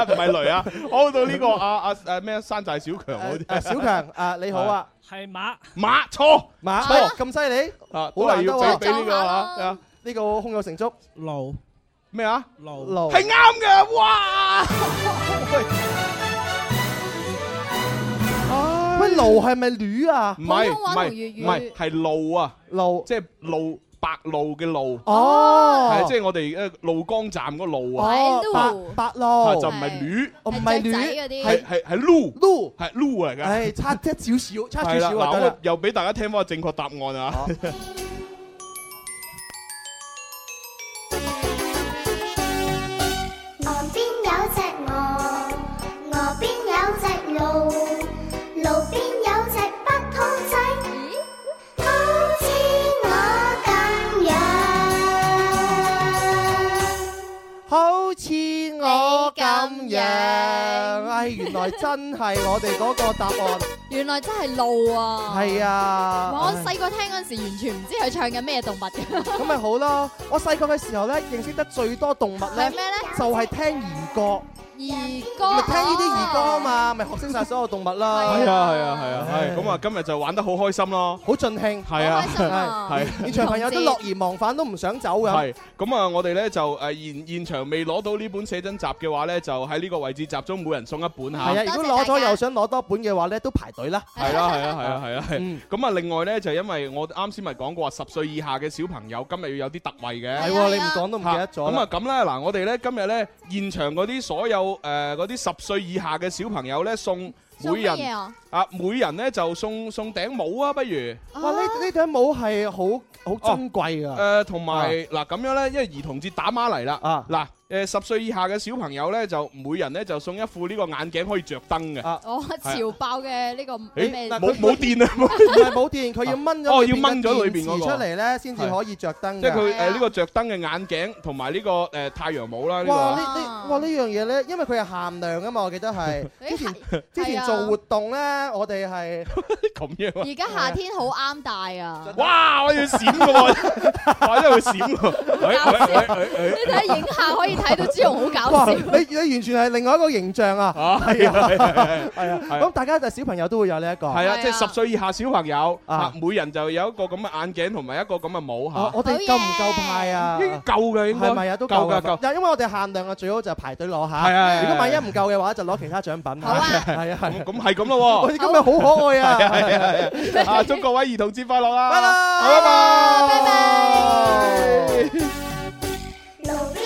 唔係驢啊，好到呢個啊啊誒咩山寨小強嗰啲，小強，誒你好啊，係馬馬錯，馬錯咁犀利，好難答啊，呢個呢個胸有成竹，驢咩啊，驢係啱嘅，哇！咩路係咪驢啊？唔係唔係唔係，係路啊！路即係路，白鷺嘅鷺。哦，係啊，即係我哋嘅鷺江站個路啊！白白路就唔係驢，唔係驢，係係係路，路係路嚟嘅。係差一少少，差少少就得啦。又俾大家聽翻個正確答案啊！南邊有隻鵝，鵝邊有隻鹿。咁樣，唉， 原來真係我哋嗰個答案， 原來真係鹿啊，係 是啊，我細個聽嗰陣時，完全唔知佢唱緊咩動物嘅，咁咪好咯，我細個嘅時候咧，認識得最多動物咧，係咩咧？就係聽兒歌。 兒歌，咪聽呢啲兒歌啊嘛，咪學識晒所有動物啦。係啊係啊係啊係，咁啊今日就玩得好開心咯，好盡興。係啊係，現場朋友都樂而忘返，都唔想走啊。係，咁啊我哋咧就誒現現場未攞到呢本寫真集嘅話咧，就喺呢個位置集中每人送一本吓。係啊，如果攞咗又想攞多本嘅話咧，都排隊啦。係啦係啦係啦係啦，咁啊另外咧就因為我啱先咪講過話十歲以下嘅小朋友今日要有啲特惠嘅。係喎，你唔講都唔記得咗。咁啊咁啦，嗱我哋咧今日咧現場嗰啲所有。.誒嗰啲十歲以下嘅小朋友咧，送每人送乜嘢啊？啊！每人咧就送送頂帽啊，不如哇！呢呢頂帽係好好珍貴噶。誒，同埋嗱咁樣咧，因為兒童節打孖嚟啦。啊嗱，誒十歲以下嘅小朋友咧，就每人咧就送一副呢個眼鏡可以著燈嘅。哦，潮爆嘅呢個誒冇冇電啊！冇電，冇電，佢要掹咗哦，要掹咗裏邊嗰個出嚟咧，先至可以著燈。即係佢誒呢個著燈嘅眼鏡同埋呢個誒太陽帽啦。哇！呢呢哇呢樣嘢咧，因為佢係限量㗎嘛，我記得係之前之前做活動咧。我哋係咁樣，而家夏天好啱戴啊！哇，我要閃噶喎，我真係會閃噶。搞笑，你睇影下可以睇到朱融好搞笑。你你完全係另外一個形象啊！係啊係啊係啊係啊！咁大家就小朋友都會有呢一個，係啊，即係十歲以下小朋友啊，每人就有一個咁嘅眼鏡同埋一個咁嘅帽吓。我我哋夠唔夠派啊？應該夠嘅，應該係咪啊？都夠嘅夠。但係因為我哋限量啊，最好就排隊攞下。係啊，如果萬一唔夠嘅話，就攞其他獎品。好啊，係啊係，咁係咁咯。你今日好可愛啊！祝各位兒童節快樂啊！拜拜！拜拜！